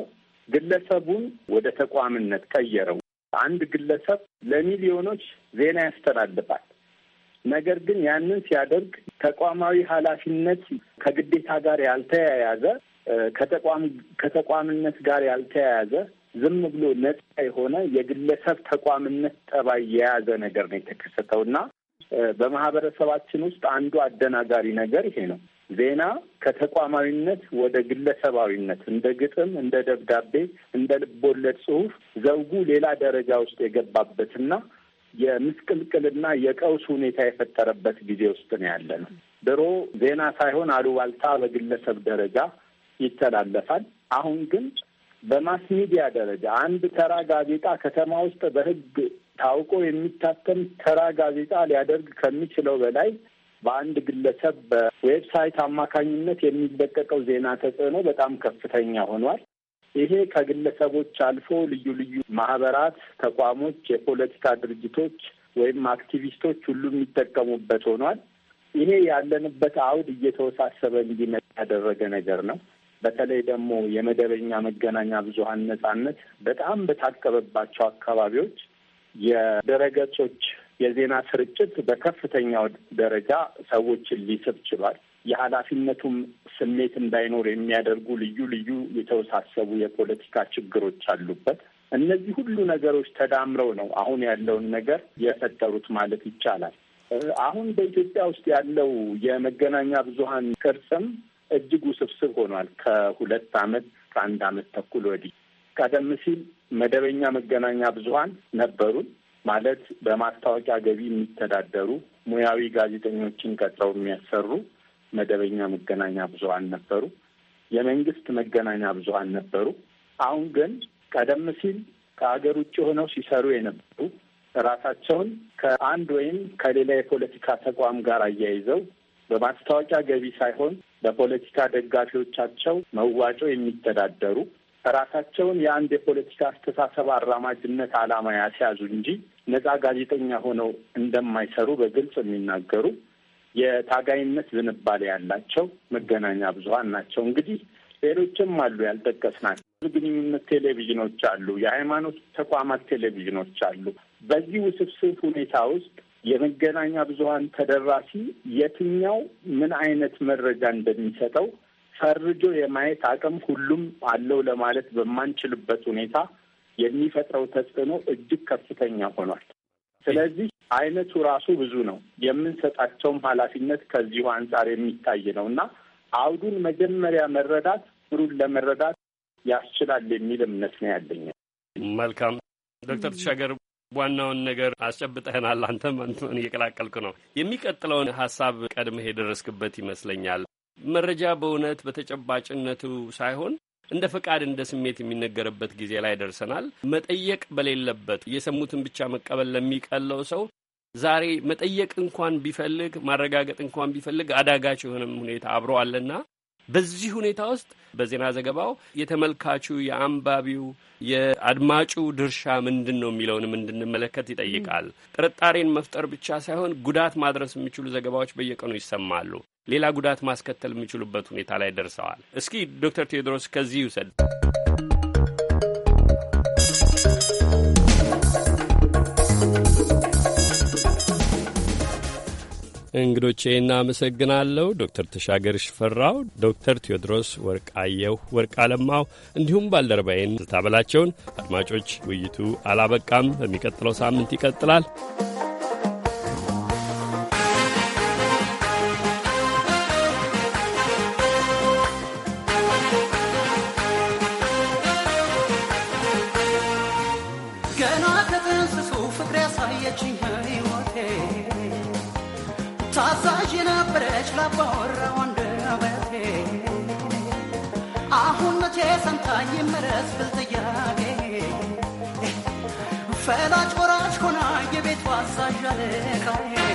ግለሰቡን ወደ ተቋምነት ቀየረው። አንድ ግለሰብ ለሚሊዮኖች ዜና ያስተላልፋል። ነገር ግን ያንን ሲያደርግ ተቋማዊ ኃላፊነት ከግዴታ ጋር ያልተያያዘ ከተቋም ከተቋምነት ጋር ያልተያያዘ ዝም ብሎ ነጻ የሆነ የግለሰብ ተቋምነት ጠባይ የያዘ ነገር ነው የተከሰተው እና በማህበረሰባችን ውስጥ አንዱ አደናጋሪ ነገር ይሄ ነው። ዜና ከተቋማዊነት ወደ ግለሰባዊነት እንደ ግጥም፣ እንደ ደብዳቤ፣ እንደ ልቦለድ ጽሁፍ ዘውጉ ሌላ ደረጃ ውስጥ የገባበትና የምስቅልቅልና የቀውስ ሁኔታ የፈጠረበት ጊዜ ውስጥ ነው ያለ ነው። ድሮ ዜና ሳይሆን አሉባልታ በግለሰብ ደረጃ ይተላለፋል። አሁን ግን በማስ ሚዲያ ደረጃ አንድ ተራ ጋዜጣ ከተማ ውስጥ በሕግ ታውቆ የሚታተም ተራ ጋዜጣ ሊያደርግ ከሚችለው በላይ በአንድ ግለሰብ በዌብሳይት አማካኝነት የሚለቀቀው ዜና ተጽዕኖ በጣም ከፍተኛ ሆኗል። ይሄ ከግለሰቦች አልፎ ልዩ ልዩ ማህበራት፣ ተቋሞች፣ የፖለቲካ ድርጅቶች ወይም አክቲቪስቶች ሁሉ የሚጠቀሙበት ሆኗል። ይሄ ያለንበት አውድ እየተወሳሰበ እንዲመጣ ያደረገ ነገር ነው። በተለይ ደግሞ የመደበኛ መገናኛ ብዙሀን ነጻነት በጣም በታቀበባቸው አካባቢዎች የድረገጾች የዜና ስርጭት በከፍተኛው ደረጃ ሰዎችን ሊስብ ችሏል። የኃላፊነቱም ስሜት እንዳይኖር የሚያደርጉ ልዩ ልዩ የተወሳሰቡ የፖለቲካ ችግሮች አሉበት። እነዚህ ሁሉ ነገሮች ተዳምረው ነው አሁን ያለውን ነገር የፈጠሩት ማለት ይቻላል። አሁን በኢትዮጵያ ውስጥ ያለው የመገናኛ ብዙኃን ቅርጽም እጅግ ውስብስብ ሆኗል። ከሁለት ዓመት ከአንድ ዓመት ተኩል ወዲህ ቀደም ሲል መደበኛ መገናኛ ብዙኃን ነበሩን። ማለት በማስታወቂያ ገቢ የሚተዳደሩ ሙያዊ ጋዜጠኞችን ቀጥረው የሚያሰሩ መደበኛ መገናኛ ብዙኃን ነበሩ። የመንግስት መገናኛ ብዙኃን ነበሩ። አሁን ግን ቀደም ሲል ከሀገር ውጭ ሆነው ሲሰሩ የነበሩ ራሳቸውን ከአንድ ወይም ከሌላ የፖለቲካ ተቋም ጋር አያይዘው በማስታወቂያ ገቢ ሳይሆን በፖለቲካ ደጋፊዎቻቸው መዋጮ የሚተዳደሩ ራሳቸውን የአንድ የፖለቲካ አስተሳሰብ አራማጅነት ዓላማ ያስያዙ እንጂ ነጻ ጋዜጠኛ ሆነው እንደማይሰሩ በግልጽ የሚናገሩ የታጋይነት ዝንባሌ ያላቸው መገናኛ ብዙሀን ናቸው። እንግዲህ ሌሎችም አሉ ያልጠቀስናቸው ግንኙነት ቴሌቪዥኖች አሉ፣ የሃይማኖት ተቋማት ቴሌቪዥኖች አሉ። በዚህ ውስብስብ ሁኔታ ውስጥ የመገናኛ ብዙሀን ተደራሲ የትኛው ምን አይነት መረጃ እንደሚሰጠው ፈርጆ የማየት አቅም ሁሉም አለው ለማለት በማንችልበት ሁኔታ የሚፈጥረው ተጽዕኖ እጅግ ከፍተኛ ሆኗል። ስለዚህ አይነቱ ራሱ ብዙ ነው። የምንሰጣቸውም ኃላፊነት ከዚሁ አንጻር የሚታይ ነው እና አውዱን መጀመሪያ መረዳት ሩን ለመረዳት ያስችላል የሚል እምነት ነው ያለኝ። መልካም ዶክተር ተሻገር ዋናውን ነገር አስጨብጠህናል። አንተም አንተን እየቀላቀልኩ ነው። የሚቀጥለውን ሀሳብ ቀድመህ የደረስክበት ይመስለኛል። መረጃ በእውነት በተጨባጭነቱ ሳይሆን እንደ ፈቃድ እንደ ስሜት የሚነገርበት ጊዜ ላይ ደርሰናል። መጠየቅ በሌለበት የሰሙትን ብቻ መቀበል ለሚቀለው ሰው ዛሬ መጠየቅ እንኳን ቢፈልግ ማረጋገጥ እንኳን ቢፈልግ አዳጋች የሆነም ሁኔታ አብሮ አለና በዚህ ሁኔታ ውስጥ በዜና ዘገባው የተመልካቹ የአንባቢው የአድማጩ ድርሻ ምንድን ነው የሚለውንም እንድንመለከት ይጠይቃል። ጥርጣሬን መፍጠር ብቻ ሳይሆን ጉዳት ማድረስ የሚችሉ ዘገባዎች በየቀኑ ይሰማሉ። ሌላ ጉዳት ማስከተል የሚችሉበት ሁኔታ ላይ ደርሰዋል። እስኪ ዶክተር ቴዎድሮስ ከዚህ ይውሰድ። እንግዶቼ እናመሰግናለሁ። ዶክተር ተሻገር ሽፈራው፣ ዶክተር ቴዎድሮስ ወርቃየሁ ወርቅ አለማው እንዲሁም ባልደረባዬን ስታበላቸውን። አድማጮች ውይይቱ አላበቃም፣ በሚቀጥለው ሳምንት ይቀጥላል። ባወራ ወንድ አበቴ አሁን መቼ ሰምታኝ ምረስ ፈላጭ ወራጭ ሆና የቤት ዋሳዣ ልቃዬ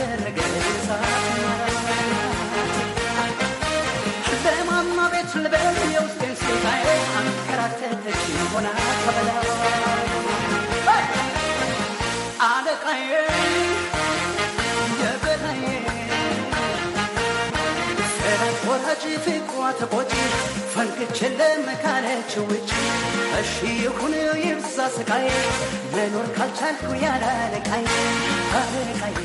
ያደረገ በማማ ቤት ልበል የውስጤን ስልጣዬ አንከራተተች ሆና ከበላ አለቃዬ የበላዬ ሰራት ወራጅ ፍቅሯ ተቆጪ መኖር ካልቻልኩ ያላለቃዬ አለቃዬ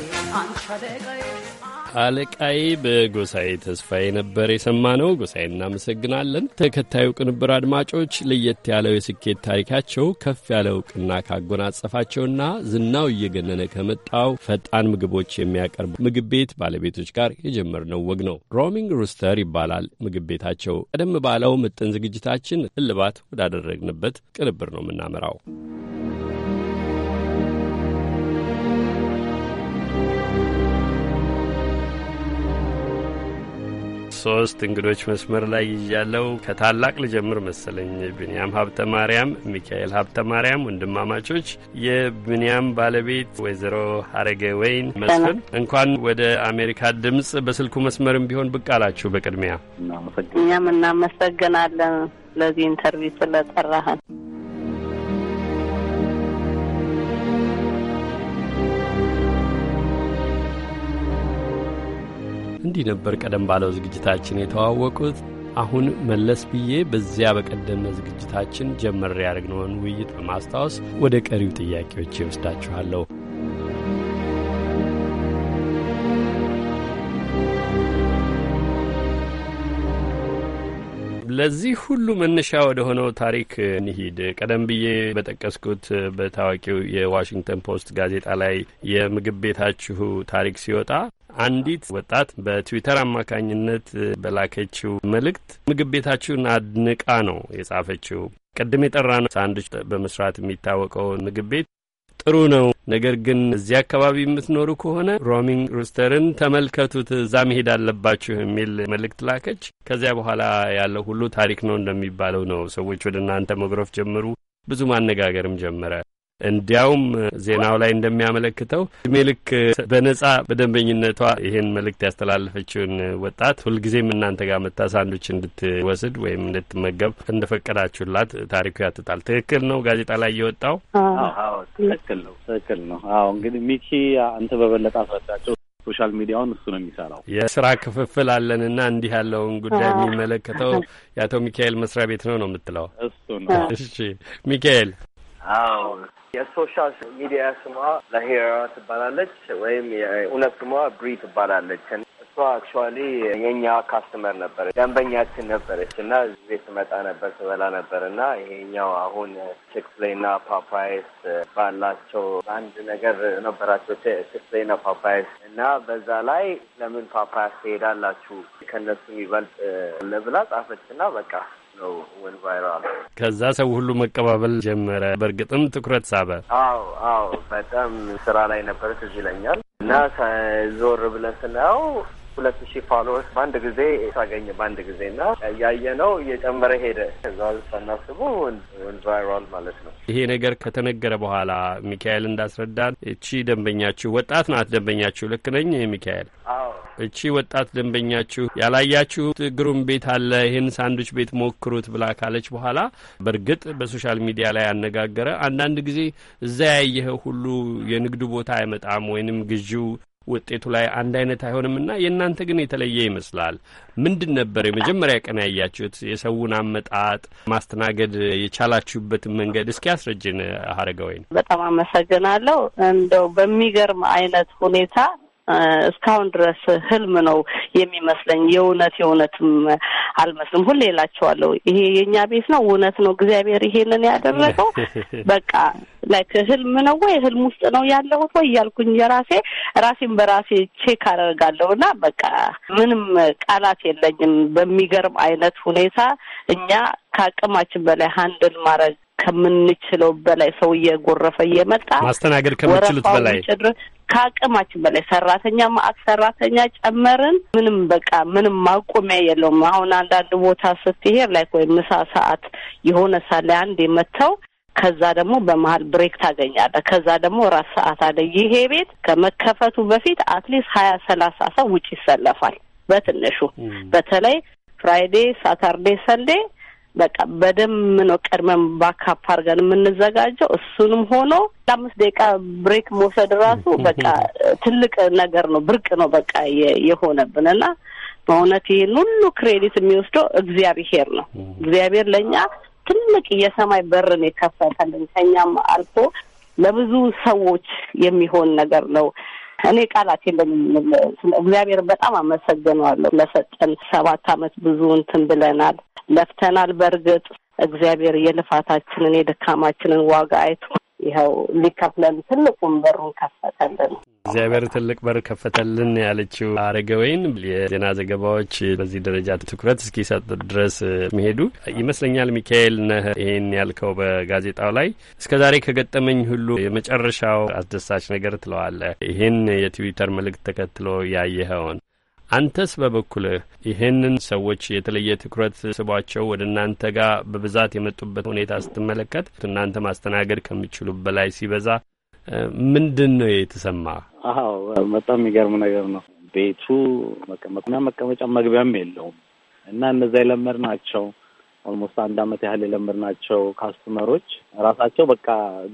አለቃዬ በጎሳዬ ተስፋዬ ነበር የሰማ ነው። ጎሳዬ እናመሰግናለን። ተከታዩ ቅንብር አድማጮች ለየት ያለው የስኬት ታሪካቸው ከፍ ያለ እውቅና ካጎናጸፋቸውና ዝናው እየገነነ ከመጣው ፈጣን ምግቦች የሚያቀርቡ ምግብ ቤት ባለቤቶች ጋር የጀመርነው ወግ ነው። ሮሚንግ ሩስተር ይባላል ምግብ ቤታቸው። ቀደም ባለው ምጥን ዝግጅታችን እልባት ወዳደረግንበት ቅንብር ነው የምናመራው። ሶስት እንግዶች መስመር ላይ ይዣለው። ከታላቅ ልጀምር መሰለኝ። ብንያም ሀብተ ማርያም፣ ሚካኤል ሀብተ ማርያም ወንድማማቾች፣ የብንያም ባለቤት ወይዘሮ አረገ ወይን መስፍን፣ እንኳን ወደ አሜሪካ ድምጽ በስልኩ መስመርም ቢሆን ብቅ አላችሁ። በቅድሚያ እኛም እናመሰግናለን ለዚህ ኢንተርቪው ስለጠራህን። እንዲህ ነበር ቀደም ባለው ዝግጅታችን የተዋወቁት። አሁን መለስ ብዬ በዚያ በቀደመ ዝግጅታችን ጀመር ያደረግነውን ውይይት በማስታወስ ወደ ቀሪው ጥያቄዎች ይወስዳችኋለሁ። ለዚህ ሁሉ መነሻ ወደ ሆነው ታሪክ እንሂድ። ቀደም ብዬ በጠቀስኩት በታዋቂው የዋሽንግተን ፖስት ጋዜጣ ላይ የምግብ ቤታችሁ ታሪክ ሲወጣ አንዲት ወጣት በትዊተር አማካኝነት በላከችው መልእክት ምግብ ቤታችሁን አድንቃ ነው የጻፈችው። ቅድም የጠራ ነው ሳንድች በመስራት የሚታወቀው ምግብ ቤት ጥሩ ነው። ነገር ግን እዚህ አካባቢ የምትኖሩ ከሆነ ሮሚንግ ሩስተርን ተመልከቱት፣ እዛ መሄድ አለባችሁ የሚል መልእክት ላከች። ከዚያ በኋላ ያለው ሁሉ ታሪክ ነው እንደሚባለው ነው። ሰዎች ወደ እናንተ መጉረፍ ጀመሩ፣ ብዙ ማነጋገርም ጀመረ። እንዲያውም ዜናው ላይ እንደሚያመለክተው እድሜ ልክ በነጻ በደንበኝነቷ ይህን መልእክት ያስተላለፈችውን ወጣት ሁልጊዜም እናንተ ጋር መታ ሳንዶች እንድትወስድ ወይም እንድትመገብ እንደፈቀዳችሁላት ታሪኩ ያትታል። ትክክል ነው። ጋዜጣ ላይ የወጣው ትክክል ነው። ትክክል ነው። አዎ እንግዲህ ሚኪ አንተ በበለጠ አስረዳቸው። ሶሻል ሚዲያውን እሱ ነው የሚሰራው። የስራ ክፍፍል አለንና እንዲህ ያለውን ጉዳይ የሚመለከተው የአቶ ሚካኤል መስሪያ ቤት ነው ነው የምትለው እሱ ነው። እሺ ሚካኤል አዎ የሶሻል ሚዲያ ስሟ ለሄራ ትባላለች ወይም የእውነት ስሟ ብሪ ትባላለች። እሷ አክቹዋሊ የኛ ካስተመር ነበረች፣ ደንበኛችን ነበረች እና እዚህ ትመጣ ነበር ትበላ ነበር እና ይሄኛው አሁን ቺክፍሌይ እና ፓፓይስ ባላቸው አንድ ነገር ነበራቸው ቺክፍሌይ እና ፓፓይስ እና በዛ ላይ ለምን ፓፓያስ ትሄዳላችሁ ከእነሱ የሚበልጥ ለብላ ጻፈች እና በቃ ነው ወን ቫይራል። ከዛ ሰው ሁሉ መቀባበል ጀመረ። በእርግጥም ትኩረት ሳበ። አዎ አዎ፣ በጣም ስራ ላይ ነበር ትዝ ይለኛል እና ዞር ብለን ስናየው ሁለት ሺህ ፋሎወርስ በአንድ ጊዜ ታገኘ በአንድ ጊዜ ና እያየ ነው እየጨመረ ሄደ። ከዛ ሳናስቡ ቫይራል ማለት ነው። ይሄ ነገር ከተነገረ በኋላ ሚካኤል እንዳስረዳን እቺ ደንበኛችሁ ወጣት ናት። ደንበኛችሁ ልክ ነኝ ሚካኤል? አዎ እቺ ወጣት ደንበኛችሁ ያላያችሁት ግሩም ቤት አለ፣ ይህን ሳንዱች ቤት ሞክሩት ብላ ካለች በኋላ በእርግጥ በሶሻል ሚዲያ ላይ ያነጋገረ አንዳንድ ጊዜ እዛ ያየኸው ሁሉ የንግዱ ቦታ አይመጣም ወይንም ግዢው ውጤቱ ላይ አንድ አይነት አይሆንምና የእናንተ ግን የተለየ ይመስላል። ምንድን ነበር የመጀመሪያ ቀን ያያችሁት? የሰውን አመጣጥ ማስተናገድ የቻላችሁበትን መንገድ እስኪ ያስረጅን አረገ ወይን። በጣም አመሰግናለሁ። እንደው በሚገርም አይነት ሁኔታ እስካሁን ድረስ ህልም ነው የሚመስለኝ። የእውነት የእውነትም አልመስልም። ሁሌ እላቸዋለሁ ይሄ የእኛ ቤት ነው፣ እውነት ነው። እግዚአብሔር ይሄንን ያደረገው በቃ ላይክ ህልም ነው ወይ ህልም ውስጥ ነው ያለሁት ወይ እያልኩኝ የራሴ ራሴን በራሴ ቼክ አደርጋለሁ እና በቃ ምንም ቃላት የለኝም። በሚገርም አይነት ሁኔታ እኛ ከአቅማችን በላይ ሀንድል ማድረግ ከምንችለው በላይ ሰው እየጎረፈ እየመጣ ማስተናገድ ከምችሉት በላይ ከአቅማችን በላይ ሰራተኛ ማአት ሰራተኛ ጨመርን። ምንም በቃ ምንም ማቆሚያ የለውም። አሁን አንዳንድ ቦታ ስትሄድ ላይክ ወይ ምሳ ሰዓት የሆነ ሳለ አንድ የመተው ከዛ ደግሞ በመሀል ብሬክ ታገኛለህ። ከዛ ደግሞ ራት ሰዓት አለ። ይሄ ቤት ከመከፈቱ በፊት አትሊስት ሀያ ሰላሳ ሰው ውጭ ይሰለፋል በትንሹ በተለይ ፍራይዴ፣ ሳተርዴ፣ ሰንዴ በቃ በደንብ ነው ቀድመን ባካፕ አድርገን የምንዘጋጀው። እሱንም ሆኖ ለአምስት ደቂቃ ብሬክ መውሰድ ራሱ በቃ ትልቅ ነገር ነው፣ ብርቅ ነው በቃ የሆነብን እና በእውነት ይህን ሁሉ ክሬዲት የሚወስደው እግዚአብሔር ነው። እግዚአብሔር ለእኛ ትልቅ የሰማይ በርን የከፈተልን ከኛም አልፎ ለብዙ ሰዎች የሚሆን ነገር ነው እኔ ቃላት የለኝም። እግዚአብሔር በጣም አመሰግነዋለሁ። ለሰጠን ሰባት አመት ብዙ እንትን ብለናል፣ ለፍተናል። በእርግጥ እግዚአብሔር የልፋታችንን የድካማችንን ዋጋ አይቶ ይኸው ሊከፍለን ትልቁን በሩን ከፈተልን። እግዚአብሔር ትልቅ በር ከፈተልን ያለችው ወይን የዜና ዘገባዎች በዚህ ደረጃ ትኩረት እስኪሰጥ ድረስ መሄዱ ይመስለኛል። ሚካኤል ነህ ይህን ያልከው በጋዜጣው ላይ እስከዛሬ ከገጠመኝ ሁሉ የመጨረሻው አስደሳች ነገር ትለዋለህ። ይህን የትዊተር መልእክት ተከትሎ ያየኸውን አንተስ በበኩልህ ይህንን ሰዎች የተለየ ትኩረት ስቧቸው ወደ እናንተ ጋር በብዛት የመጡበት ሁኔታ ስትመለከት እናንተ ማስተናገድ ከሚችሉ በላይ ሲበዛ ምንድን ነው የተሰማ? አዎ በጣም የሚገርም ነገር ነው። ቤቱ መቀመጥና መቀመጫ መግቢያም የለውም እና እነዛ የለመድ ናቸው ኦልሞስት አንድ አመት ያህል የለመድ ናቸው ካስተመሮች ራሳቸው በቃ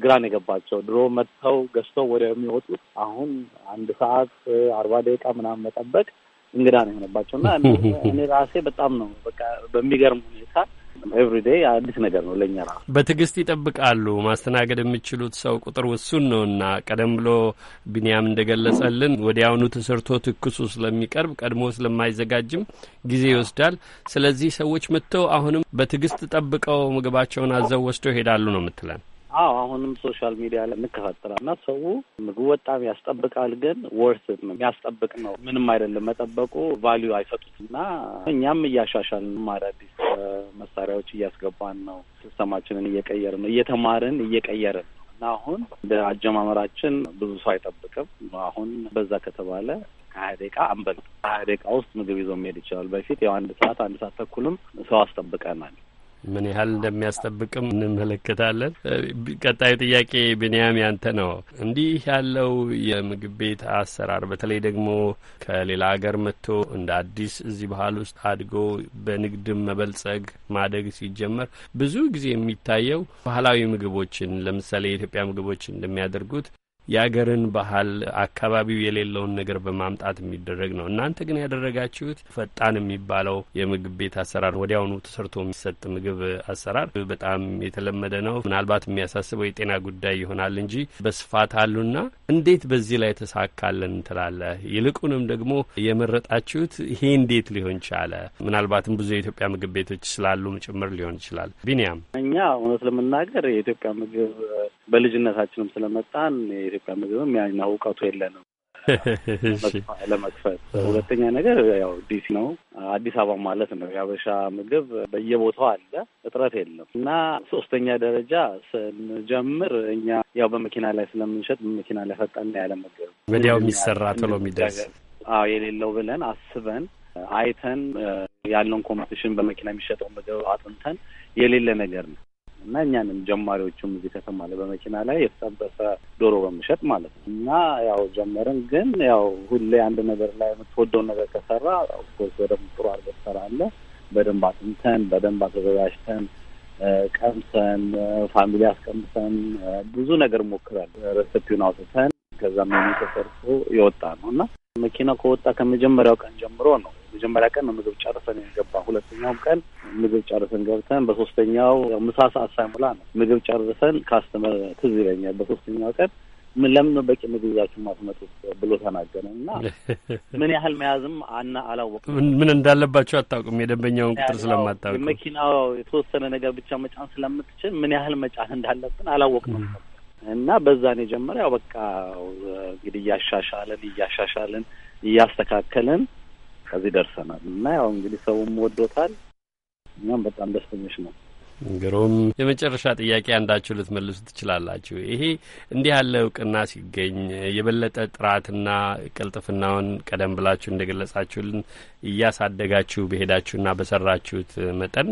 ግራን የገባቸው ድሮ መጥተው ገዝተው ወደሚወጡት አሁን አንድ ሰዓት አርባ ደቂቃ ምናምን መጠበቅ እንግዳ ነው የሆነባቸው እና እኔ ራሴ በጣም ነው በቃ በሚገርም ሁኔታ ኤቭሪዴ አዲስ ነገር ነው ለእኛ ራሱ። በትዕግስት ይጠብቃሉ። ማስተናገድ የምችሉት ሰው ቁጥር ውሱን እና ቀደም ብሎ ቢንያም እንደገለጸልን ወዲያውኑ ተሰርቶ ትኩሱ ስለሚቀርብ ቀድሞ ስለማይዘጋጅም ጊዜ ይወስዳል። ስለዚህ ሰዎች መጥተው አሁንም በትዕግስት ጠብቀው ምግባቸውን አዘው ወስደው ይሄዳሉ ነው የምትለን? አዎ አሁንም ሶሻል ሚዲያ ላይ እንከታተላል እና ሰው ምግቡ በጣም ያስጠብቃል፣ ግን ወርስ የሚያስጠብቅ ነው ምንም አይደለም መጠበቁ ቫሊዩ አይሰጡት እና እኛም እያሻሻልን አዳዲስ መሳሪያዎች እያስገባን ነው። ሲስተማችንን እየቀየርን ነው፣ እየተማርን እየቀየርን ነው እና አሁን እንደ አጀማመራችን ብዙ ሰው አይጠብቅም። አሁን በዛ ከተባለ ከሀያ ደቂቃ አንበል ሀያ ደቂቃ ውስጥ ምግብ ይዞ መሄድ ይችላል። በፊት ያው አንድ ሰዓት አንድ ሰዓት ተኩልም ሰው አስጠብቀናል። ምን ያህል እንደሚያስጠብቅም እንመለከታለን። ቀጣዩ ጥያቄ ቢንያም ያንተ ነው። እንዲህ ያለው የምግብ ቤት አሰራር በተለይ ደግሞ ከሌላ ሀገር መጥቶ እንደ አዲስ እዚህ ባህል ውስጥ አድጎ በንግድም መበልጸግ ማደግ ሲጀመር ብዙ ጊዜ የሚታየው ባህላዊ ምግቦችን ለምሳሌ የኢትዮጵያ ምግቦችን እንደሚያደርጉት የአገርን ባህል አካባቢው የሌለውን ነገር በማምጣት የሚደረግ ነው። እናንተ ግን ያደረጋችሁት ፈጣን የሚባለው የምግብ ቤት አሰራር፣ ወዲያውኑ ተሰርቶ የሚሰጥ ምግብ አሰራር በጣም የተለመደ ነው። ምናልባት የሚያሳስበው የጤና ጉዳይ ይሆናል እንጂ በስፋት አሉና እንዴት በዚህ ላይ ተሳካለን ትላለህ? ይልቁንም ደግሞ የመረጣችሁት ይሄ እንዴት ሊሆን ቻለ? ምናልባትም ብዙ የኢትዮጵያ ምግብ ቤቶች ስላሉ ጭምር ሊሆን ይችላል። ቢኒያም፣ እኛ እውነት ለመናገር የኢትዮጵያ ምግብ በልጅነታችንም ስለመጣን የኢትዮጵያ ምግብም ያን እውቀቱ የለንም ለመክፈት። ሁለተኛ ነገር ያው ዲሲ ነው አዲስ አበባ ማለት ነው። የአበሻ ምግብ በየቦታው አለ፣ እጥረት የለም። እና ሶስተኛ ደረጃ ስንጀምር እኛ ያው በመኪና ላይ ስለምንሸጥ በመኪና ላይ ፈጣንና ያለ ምግብ ወዲያው የሚሰራ ቶሎ የሚደርስ አዎ የሌለው ብለን አስበን አይተን ያለውን ኮምፒቲሽን በመኪና የሚሸጠው ምግብ አጥንተን የሌለ ነገር ነው። እና እኛንም ጀማሪዎቹም እዚህ ከተማ ላይ በመኪና ላይ የተጠበሰ ዶሮ በመሸጥ ማለት ነው። እና ያው ጀመርን። ግን ያው ሁሌ አንድ ነገር ላይ የምትወደውን ነገር ከሰራ ኦፍኮርስ በደንብ ጥሩ አድርገህ ትሰራለህ። በደንብ አጥንተን፣ በደንብ አዘጋጅተን፣ ቀምሰን፣ ፋሚሊ አስቀምሰን ብዙ ነገር ሞክራል። ረሰፒውን አውጥተን ከዛም የሚተሰርቶ የወጣ ነው እና መኪናው ከወጣ ከመጀመሪያው ቀን ጀምሮ ነው መጀመሪያ ቀን ምግብ ጨርሰን የገባ፣ ሁለተኛውም ቀን ምግብ ጨርሰን ገብተን፣ በሶስተኛው ምሳ ሰዓት ሳይሞላ ነው ምግብ ጨርሰን ካስተመር ትዝ ይለኛል። በሶስተኛው ቀን ምን ለምን ነው በቂ ምግብ ይዛችሁ ማትመጡት ብሎ ተናገረ እና ምን ያህል መያዝም አና አላወቅም። ምን እንዳለባቸው አታውቅም። የደንበኛውን ቁጥር ስለማታውቅ መኪናው የተወሰነ ነገር ብቻ መጫን ስለምትችል ምን ያህል መጫን እንዳለብን አላወቅንም እና በዛን የጀመረ ያው በቃ እንግዲህ እያሻሻለን እያሻሻልን እያስተካከልን ከዚህ ደርሰናል እና ያው እንግዲህ ሰውም ወዶታል፣ እኛም በጣም ደስተኞች ነው። ግሩም። የመጨረሻ ጥያቄ አንዳችሁ ልትመልሱ ትችላላችሁ። ይሄ እንዲህ ያለ እውቅና ሲገኝ የበለጠ ጥራትና ቅልጥፍናውን ቀደም ብላችሁ እንደገለጻችሁልን እያሳደጋችሁ በሄዳችሁና በሰራችሁት መጠን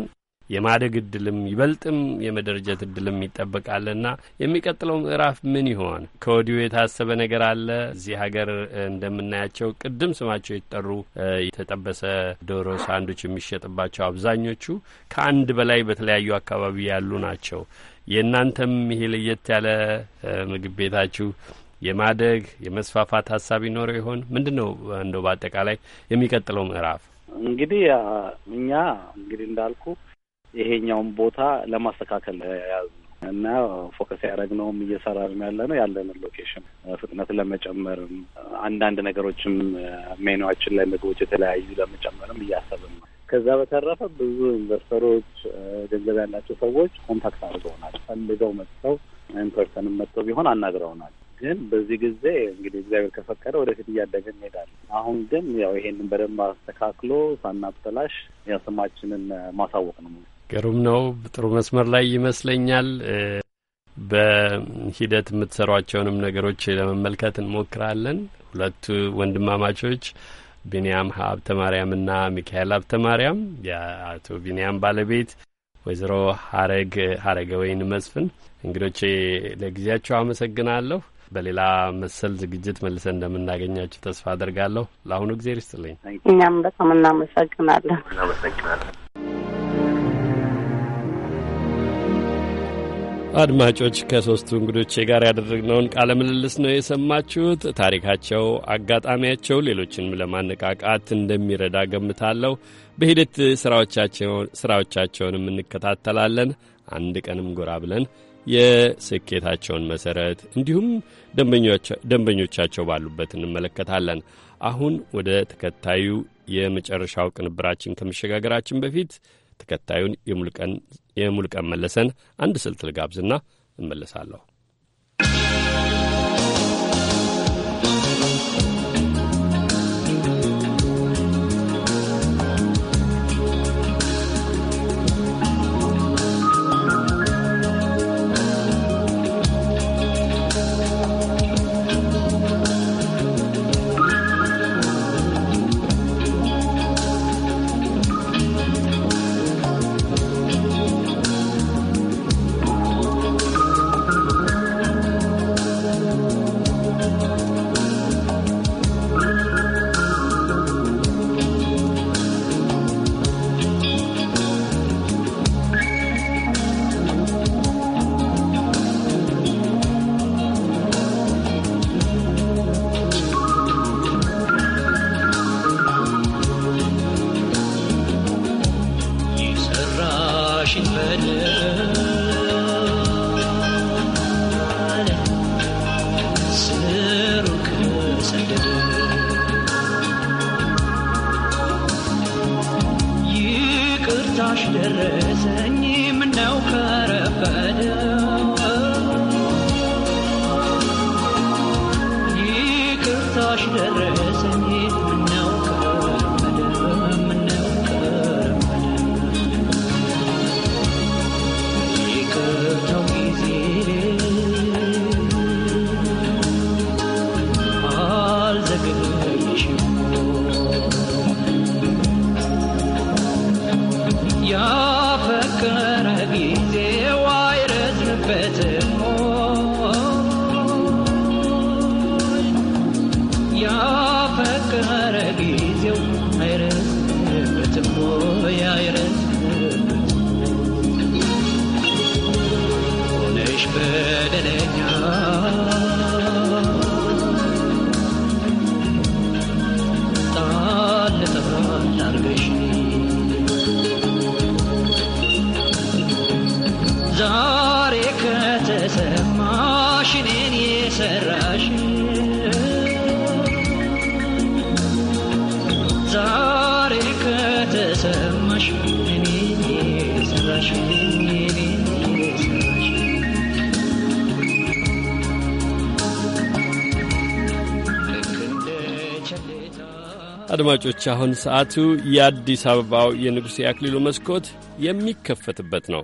የማደግ እድልም ይበልጥም የመደረጀት እድልም ይጠበቃልና የሚቀጥለው ምዕራፍ ምን ይሆን? ከወዲሁ የታሰበ ነገር አለ? እዚህ ሀገር እንደምናያቸው ቅድም ስማቸው የተጠሩ የተጠበሰ ዶሮ ሳንዶች የሚሸጥባቸው አብዛኞቹ ከአንድ በላይ በተለያዩ አካባቢ ያሉ ናቸው። የእናንተም ይሄ ለየት ያለ ምግብ ቤታችሁ የማደግ የመስፋፋት ሀሳብ ይኖረው ይሆን? ምንድን ነው እንደው በአጠቃላይ የሚቀጥለው ምዕራፍ? እንግዲህ እኛ እንግዲህ እንዳልኩ ይሄኛውን ቦታ ለማስተካከል ያዝ እና ፎከስ ያደረግነውም እየሰራ ነው ያለ ነው ያለንን ሎኬሽን ፍጥነት ለመጨመርም አንዳንድ ነገሮችም ሜኗችን ላይ ምግቦች የተለያዩ ለመጨመርም እያሰብን ነው። ከዛ በተረፈ ብዙ ኢንቨስተሮች፣ ገንዘብ ያላቸው ሰዎች ኮንታክት አድርገውናል። ፈልገው መጥተው ኢንፐርሰንም መጥተው ቢሆን አናግረውናል። ግን በዚህ ጊዜ እንግዲህ እግዚአብሔር ከፈቀደ ወደፊት እያደገ እንሄዳለን። አሁን ግን ያው ይሄንን በደንብ አስተካክሎ ሳናበላሽ ያው ስማችንን ማሳወቅ ነው። ግሩም ነው። ጥሩ መስመር ላይ ይመስለኛል። በሂደት የምትሰሯቸውንም ነገሮች ለመመልከት እንሞክራለን። ሁለቱ ወንድማማቾች ቢንያም ሀብተ ማርያም እና ሚካኤል ሀብተ ማርያም የአቶ ቢንያም ባለቤት ወይዘሮ ሀረግ ሀረገ ወይን መስፍን እንግዶቼ ለጊዜያቸው አመሰግናለሁ። በሌላ መሰል ዝግጅት መልሰን እንደምናገኛቸው ተስፋ አደርጋለሁ። ለአሁኑ ጊዜ ርስጥልኝ። እኛም በጣም እናመሰግናለን። እናመሰግናለን። አድማጮች ከሶስቱ እንግዶቼ ጋር ያደረግነውን ቃለ ምልልስ ነው የሰማችሁት። ታሪካቸው፣ አጋጣሚያቸው ሌሎችንም ለማነቃቃት እንደሚረዳ ገምታለሁ። በሂደት ስራዎቻቸውንም እንከታተላለን። አንድ ቀንም ጎራ ብለን የስኬታቸውን መሰረት እንዲሁም ደንበኞቻቸው ባሉበት እንመለከታለን። አሁን ወደ ተከታዩ የመጨረሻው ቅንብራችን ከመሸጋገራችን በፊት ተከታዩን የሙሉቀን የሙልቀን መለሰን አንድ ስልት ልጋብዝና እመለሳለሁ። አድማጮች፣ አሁን ሰዓቱ የአዲስ አበባው የንጉሥ አክሊሉ መስኮት የሚከፈትበት ነው።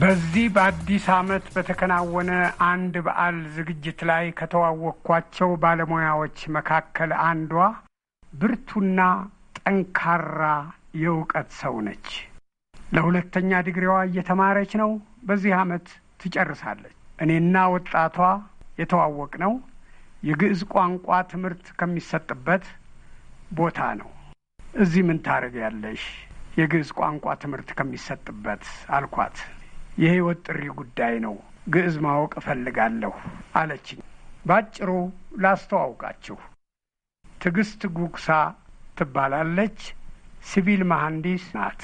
በዚህ በአዲስ ዓመት በተከናወነ አንድ በዓል ዝግጅት ላይ ከተዋወቅኳቸው ባለሙያዎች መካከል አንዷ ብርቱና ጠንካራ የእውቀት ሰው ነች። ለሁለተኛ ዲግሪዋ እየተማረች ነው። በዚህ ዓመት ትጨርሳለች። እኔና ወጣቷ የተዋወቅ ነው የግዕዝ ቋንቋ ትምህርት ከሚሰጥበት ቦታ ነው። እዚህ ምን ታደርግ ያለሽ የግዕዝ ቋንቋ ትምህርት ከሚሰጥበት አልኳት። የህይወት ጥሪ ጉዳይ ነው፣ ግዕዝ ማወቅ እፈልጋለሁ አለችኝ። ባጭሩ ላስተዋውቃችሁ፣ ትዕግስት ጉግሳ ትባላለች። ሲቪል መሐንዲስ ናት።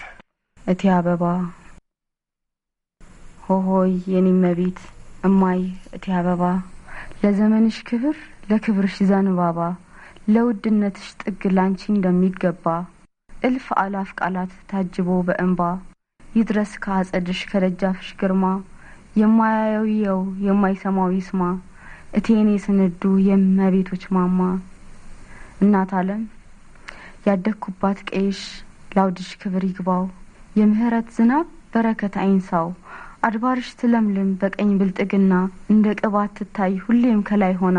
እቲ አበባ ሆሆይ የኒመቤት እማይ እቲ አበባ ለዘመንሽ ክብር ለክብርሽ ዘንባባ ለውድነትሽ ጥግ ላንቺ እንደሚገባ እልፍ አላፍ ቃላት ታጅቦ በእንባ ይድረስ ከአጸድሽ ከደጃፍሽ ግርማ የማያየው የው የማይሰማው ይስማ እቴኔ ስንዱ የእመቤቶች ማማ እናት አለም ያደግኩባት ቀይሽ ላውድሽ ክብር ይግባው የምህረት ዝናብ በረከት አይንሳው አድባርሽ ትለምልም በቀኝ ብልጥግና እንደ ቅባት ትታይ ሁሌም ከላይ ሆና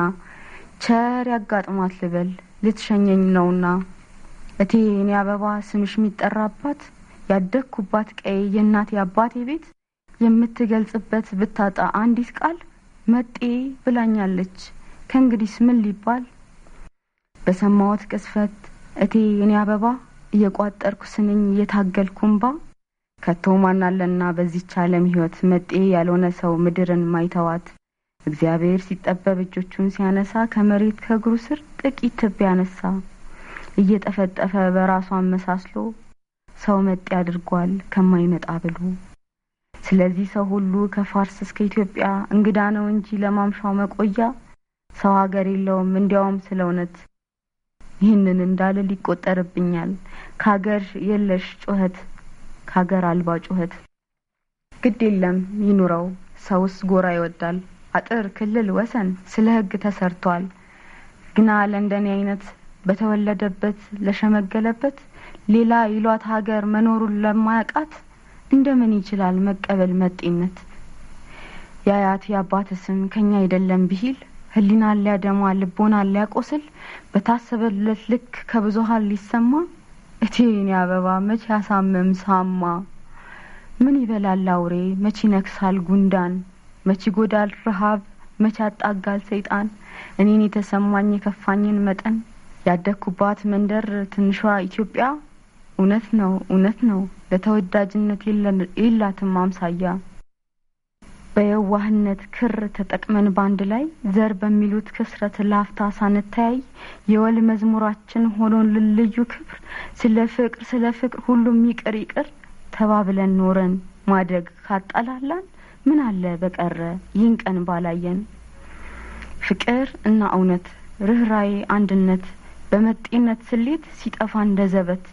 ቸር ያጋጥማት ልበል ልትሸኘኝ ነውና እቴ እኔ አበባ ስምሽ የሚጠራባት ያደግኩባት ቀይ የእናቴ አባቴ ቤት የምትገልጽበት ብታጣ አንዲት ቃል መጤ ብላኛለች ከእንግዲስ ምን ሊባል በሰማወት ቅስፈት እቴ እኔ አበባ እየቋጠርኩ ስንኝ እየታገልኩ እምባ ከቶማናለና በዚች ዓለም ሕይወት መጤ ያልሆነ ሰው ምድርን ማይተዋት እግዚአብሔር ሲጠበብ እጆቹን ሲያነሳ ከመሬት ከእግሩ ስር ጥቂት ትብ ያነሳ እየጠፈጠፈ በራሱ አመሳስሎ ሰው መጤ አድርጓል ከማይመጣ ብሎ። ስለዚህ ሰው ሁሉ ከፋርስ እስከ ኢትዮጵያ እንግዳ ነው እንጂ ለማምሻው መቆያ ሰው ሀገር የለውም። እንዲያውም ስለ እውነት ይህንን እንዳልል ይቆጠርብኛል ከሀገር የለሽ ጩኸት ከሀገር አልባ ጩኸት ግድ የለም ይኑረው ሰውስ ጎራ ይወዳል አጥር ክልል ወሰን ስለ ህግ ተሰርቷል ግና ለእንደኔ አይነት በተወለደበት ለሸመገለበት ሌላ ይሏት ሀገር መኖሩን ለማያቃት እንደምን ይችላል መቀበል መጤነት የአያት የአባት ስም ከኛ አይደለም ብሂል ህሊናን ሊያደማ ልቦናን ሊያቆስል በታሰበለት ልክ ከብዙሀን ሊሰማ እቴን አበባ መቼ ያሳመም ሳማ ምን ይበላል አውሬ መቼ ይነክሳል ጉንዳን መቼ ጎዳል ረሃብ መቼ አጣጋል ሰይጣን እኔን የተሰማኝ የከፋኝን መጠን ያደግኩባት መንደር ትንሿ ኢትዮጵያ እውነት ነው እውነት ነው ለተወዳጅነት የላትም አምሳያ በየዋህነት ክር ተጠቅመን ባንድ ላይ ዘር በሚሉት ክስረት ላፍታ ሳንተያይ የወል መዝሙራችን ሆኖን ልዩ ክብር ስለ ፍቅር ስለ ፍቅር ሁሉም ይቅር ይቅር ተባብለን ኖረን ማደግ ካጠላላን ምን አለ በቀረ ይህን ቀን ባላየን ፍቅር እና እውነት ርኅራዬ አንድነት በመጤነት ስሌት ሲጠፋ እንደ ዘበት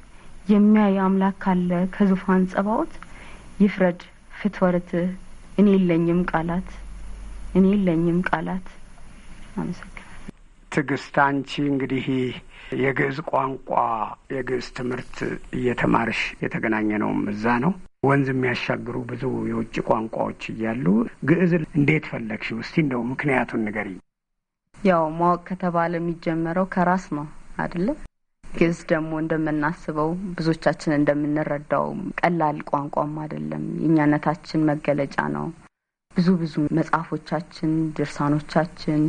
የሚያይ አምላክ ካለ ከዙፋን ጸባዖት ይፍረድ ፍትወርትህ እኔ የለኝም ቃላት እኔ የለኝም ቃላት። አመሰግናለሁ። ትዕግስት፣ አንቺ እንግዲህ የግዕዝ ቋንቋ የግዕዝ ትምህርት እየተማርሽ የተገናኘ ነውም እዛ ነው። ወንዝ የሚያሻግሩ ብዙ የውጭ ቋንቋዎች እያሉ ግዕዝ እንዴት ፈለግሽ? እስቲ እንደው ምክንያቱን ንገሪኝ። ያው ማወቅ ከተባለ የሚጀመረው ከራስ ነው አይደለም? ግዕዝ ደግሞ እንደምናስበው ብዙዎቻችን እንደምንረዳው ቀላል ቋንቋም አይደለም። የእኛነታችን መገለጫ ነው። ብዙ ብዙ መጽሐፎቻችን፣ ድርሳኖቻችን፣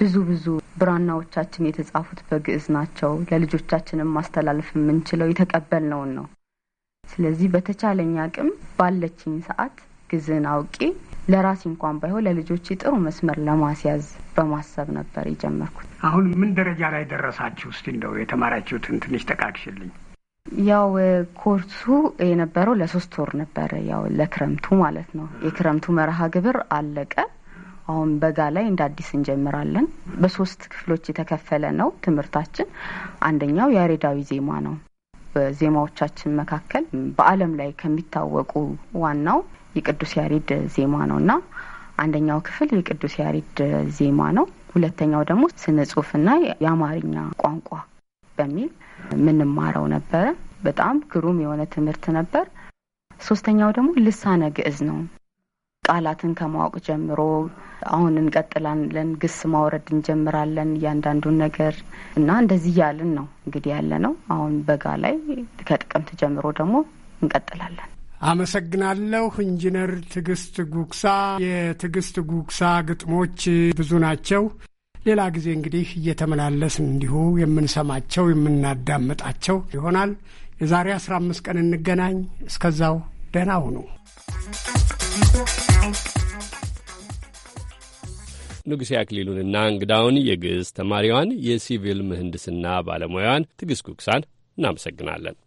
ብዙ ብዙ ብራናዎቻችን የተጻፉት በግዕዝ ናቸው። ለልጆቻችንም ማስተላለፍ የምንችለው የተቀበልነውን ነው። ስለዚህ በተቻለኝ አቅም ባለችኝ ሰዓት ግዝን አውቄ ለራሴ እንኳን ባይሆን ለልጆች ጥሩ መስመር ለማስያዝ በማሰብ ነበር የጀመርኩት። አሁን ምን ደረጃ ላይ ደረሳችሁ? እስቲ እንደው የተማራችሁትን ትንሽ ጠቃቅሽልኝ። ያው ኮርሱ የነበረው ለሶስት ወር ነበረ። ያው ለክረምቱ ማለት ነው። የክረምቱ መርሃ ግብር አለቀ። አሁን በጋ ላይ እንደ አዲስ እንጀምራለን። በሶስት ክፍሎች የተከፈለ ነው ትምህርታችን። አንደኛው ያሬዳዊ ዜማ ነው። በዜማዎቻችን መካከል በዓለም ላይ ከሚታወቁ ዋናው የቅዱስ ያሬድ ዜማ ነው እና አንደኛው ክፍል የቅዱስ ያሬድ ዜማ ነው። ሁለተኛው ደግሞ ስነ ጽሁፍና የአማርኛ ቋንቋ በሚል የምንማረው ነበረ። በጣም ግሩም የሆነ ትምህርት ነበር። ሶስተኛው ደግሞ ልሳነ ግዕዝ ነው። ቃላትን ከማወቅ ጀምሮ አሁን እንቀጥላለን፣ ግስ ማውረድ እንጀምራለን እያንዳንዱን ነገር እና እንደዚህ እያልን ነው እንግዲህ ያለ ነው። አሁን በጋ ላይ ከጥቅምት ጀምሮ ደግሞ እንቀጥላለን። አመሰግናለሁ። ኢንጂነር ትዕግስት ጉግሳ። የትዕግስት ጉግሳ ግጥሞች ብዙ ናቸው። ሌላ ጊዜ እንግዲህ እየተመላለስን እንዲሁ የምንሰማቸው የምናዳምጣቸው ይሆናል። የዛሬ አስራ አምስት ቀን እንገናኝ። እስከዛው ደህና ሁኑ። ንጉሴ አክሊሉንና እንግዳውን የግዕዝ ተማሪዋን የሲቪል ምህንድስና ባለሙያዋን ትዕግስት ጉግሳን እናመሰግናለን።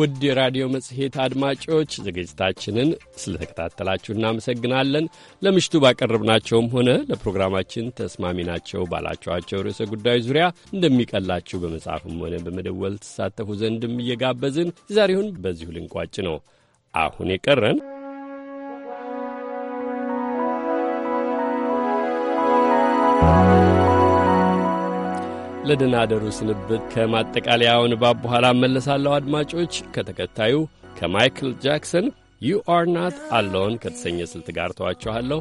ውድ የራዲዮ መጽሔት አድማጮች ዝግጅታችንን ስለተከታተላችሁ እናመሰግናለን። ለምሽቱ ባቀረብናቸውም ሆነ ለፕሮግራማችን ተስማሚ ናቸው ባላችኋቸው ርዕሰ ጉዳዮች ዙሪያ እንደሚቀላችሁ በመጻፍም ሆነ በመደወል ትሳተፉ ዘንድም እየጋበዝን ዛሬውን በዚሁ ልንቋጭ ነው። አሁን የቀረን ለደናደሩ ስንብት ከማጠቃለያው ንባብ በኋላ መለሳለሁ። አድማጮች ከተከታዩ ከማይክል ጃክሰን ዩ አር ናት አለውን ከተሰኘ ስልት ጋር ተዋችኋለሁ።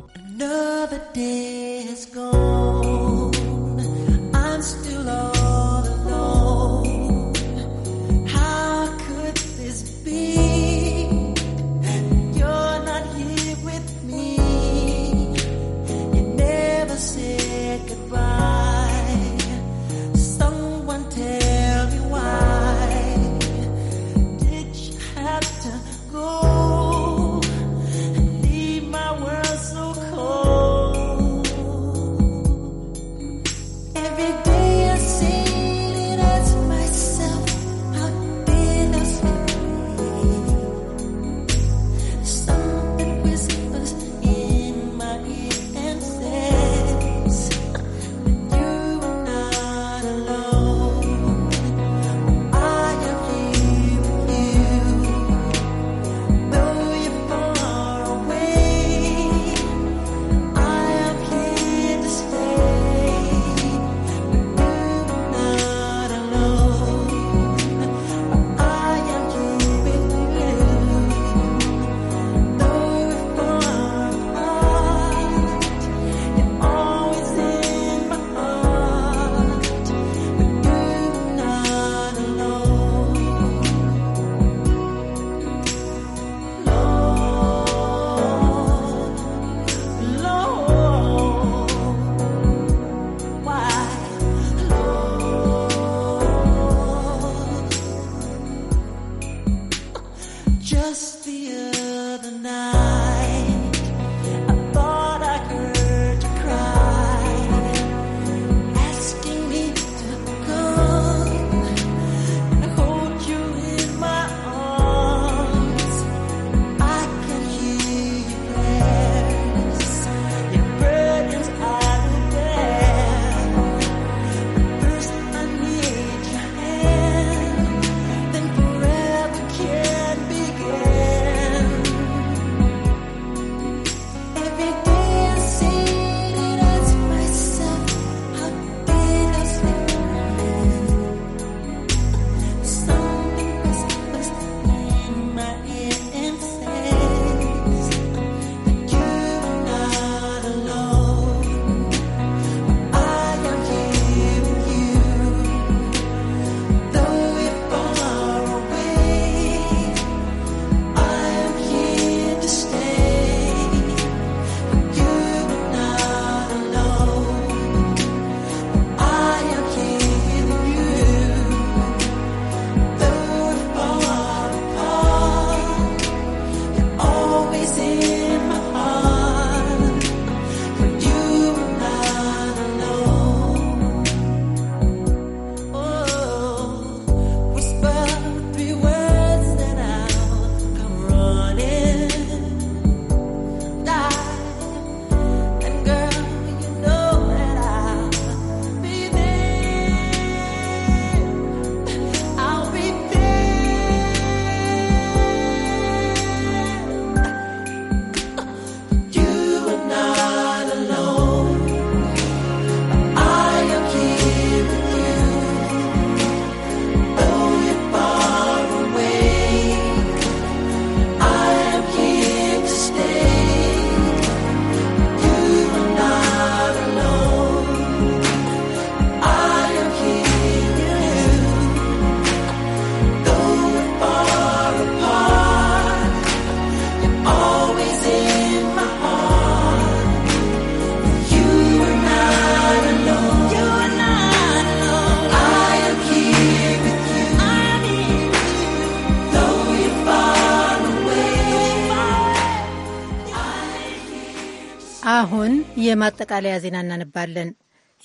የማጠቃለያ ዜና እናነባለን።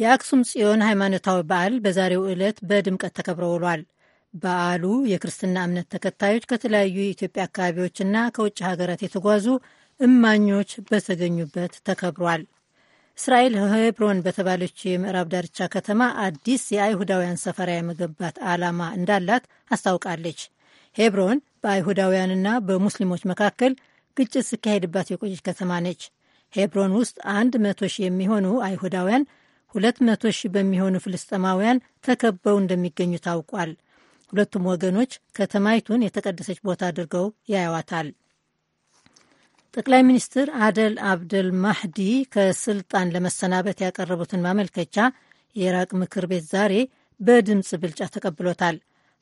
የአክሱም ጽዮን ሃይማኖታዊ በዓል በዛሬው ዕለት በድምቀት ተከብሮ ውሏል። በዓሉ የክርስትና እምነት ተከታዮች ከተለያዩ የኢትዮጵያ አካባቢዎችና ከውጭ ሀገራት የተጓዙ እማኞች በተገኙበት ተከብሯል። እስራኤል ሄብሮን በተባለች የምዕራብ ዳርቻ ከተማ አዲስ የአይሁዳውያን ሰፈራ የመገንባት ዓላማ እንዳላት አስታውቃለች። ሄብሮን በአይሁዳውያንና በሙስሊሞች መካከል ግጭት ሲካሄድባት የቆየች ከተማ ነች። ሄብሮን ውስጥ አንድ መቶ ሺህ የሚሆኑ አይሁዳውያን፣ ሁለት መቶ ሺህ በሚሆኑ ፍልስጥማውያን ተከበው እንደሚገኙ ታውቋል። ሁለቱም ወገኖች ከተማይቱን የተቀደሰች ቦታ አድርገው ያያዋታል። ጠቅላይ ሚኒስትር አደል አብደል ማህዲ ከስልጣን ለመሰናበት ያቀረቡትን ማመልከቻ የኢራቅ ምክር ቤት ዛሬ በድምፅ ብልጫ ተቀብሎታል።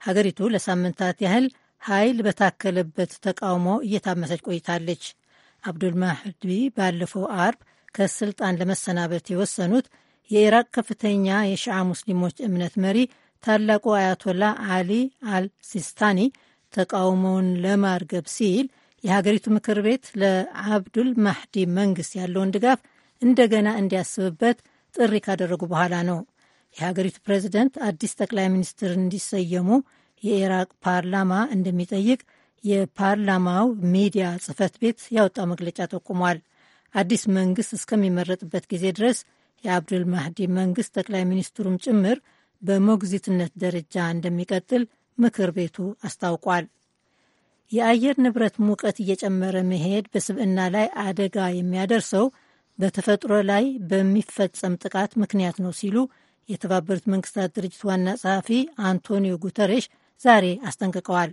ሀገሪቱ ለሳምንታት ያህል ኃይል በታከለበት ተቃውሞ እየታመሰች ቆይታለች። አብዱል ማህዲ ባለፈው አርብ ከስልጣን ለመሰናበት የወሰኑት የኢራቅ ከፍተኛ የሺዓ ሙስሊሞች እምነት መሪ ታላቁ አያቶላ አሊ አልሲስታኒ ተቃውሞውን ለማርገብ ሲል የሀገሪቱ ምክር ቤት ለአብዱል ማህዲ መንግስት ያለውን ድጋፍ እንደገና እንዲያስብበት ጥሪ ካደረጉ በኋላ ነው። የሀገሪቱ ፕሬዚደንት አዲስ ጠቅላይ ሚኒስትር እንዲሰየሙ የኢራቅ ፓርላማ እንደሚጠይቅ የፓርላማው ሚዲያ ጽህፈት ቤት ያወጣው መግለጫ ጠቁሟል። አዲስ መንግስት እስከሚመረጥበት ጊዜ ድረስ የአብዱል ማህዲ መንግስት ጠቅላይ ሚኒስትሩም ጭምር በሞግዚትነት ደረጃ እንደሚቀጥል ምክር ቤቱ አስታውቋል። የአየር ንብረት ሙቀት እየጨመረ መሄድ በስብዕና ላይ አደጋ የሚያደርሰው በተፈጥሮ ላይ በሚፈጸም ጥቃት ምክንያት ነው ሲሉ የተባበሩት መንግስታት ድርጅት ዋና ጸሐፊ አንቶኒዮ ጉተሬሽ ዛሬ አስጠንቅቀዋል።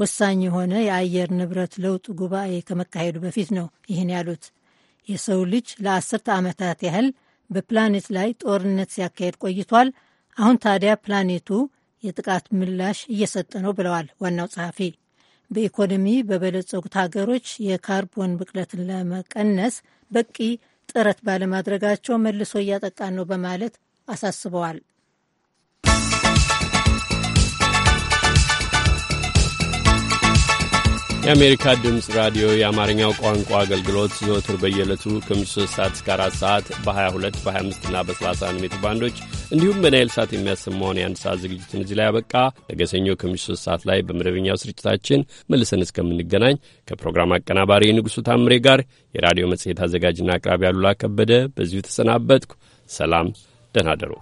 ወሳኝ የሆነ የአየር ንብረት ለውጥ ጉባኤ ከመካሄዱ በፊት ነው ይህን ያሉት። የሰው ልጅ ለአስርተ ዓመታት ያህል በፕላኔት ላይ ጦርነት ሲያካሄድ ቆይቷል። አሁን ታዲያ ፕላኔቱ የጥቃት ምላሽ እየሰጠ ነው ብለዋል ዋናው ጸሐፊ። በኢኮኖሚ በበለጸጉት ሀገሮች የካርቦን ብክለትን ለመቀነስ በቂ ጥረት ባለማድረጋቸው መልሶ እያጠቃን ነው በማለት አሳስበዋል። የአሜሪካ ድምፅ ራዲዮ የአማርኛው ቋንቋ አገልግሎት ዘወትር በየዕለቱ ከምሽቱ 3 ሰዓት እስከ 4 ሰዓት በ22 በ25 እና በ31 ሜትር ባንዶች እንዲሁም በናይል ሰዓት የሚያሰማውን የአንድ ሰዓት ዝግጅትን እዚህ ላይ አበቃ። ነገ ሰኞ ከምሽቱ 3 ሰዓት ላይ በመደበኛው ስርጭታችን መልሰን እስከምንገናኝ ከፕሮግራም አቀናባሪ ንጉሡ ታምሬ ጋር የራዲዮ መጽሔት አዘጋጅና አቅራቢ አሉላ ከበደ በዚሁ ተሰናበትኩ። ሰላም፣ ደህና ደሩ።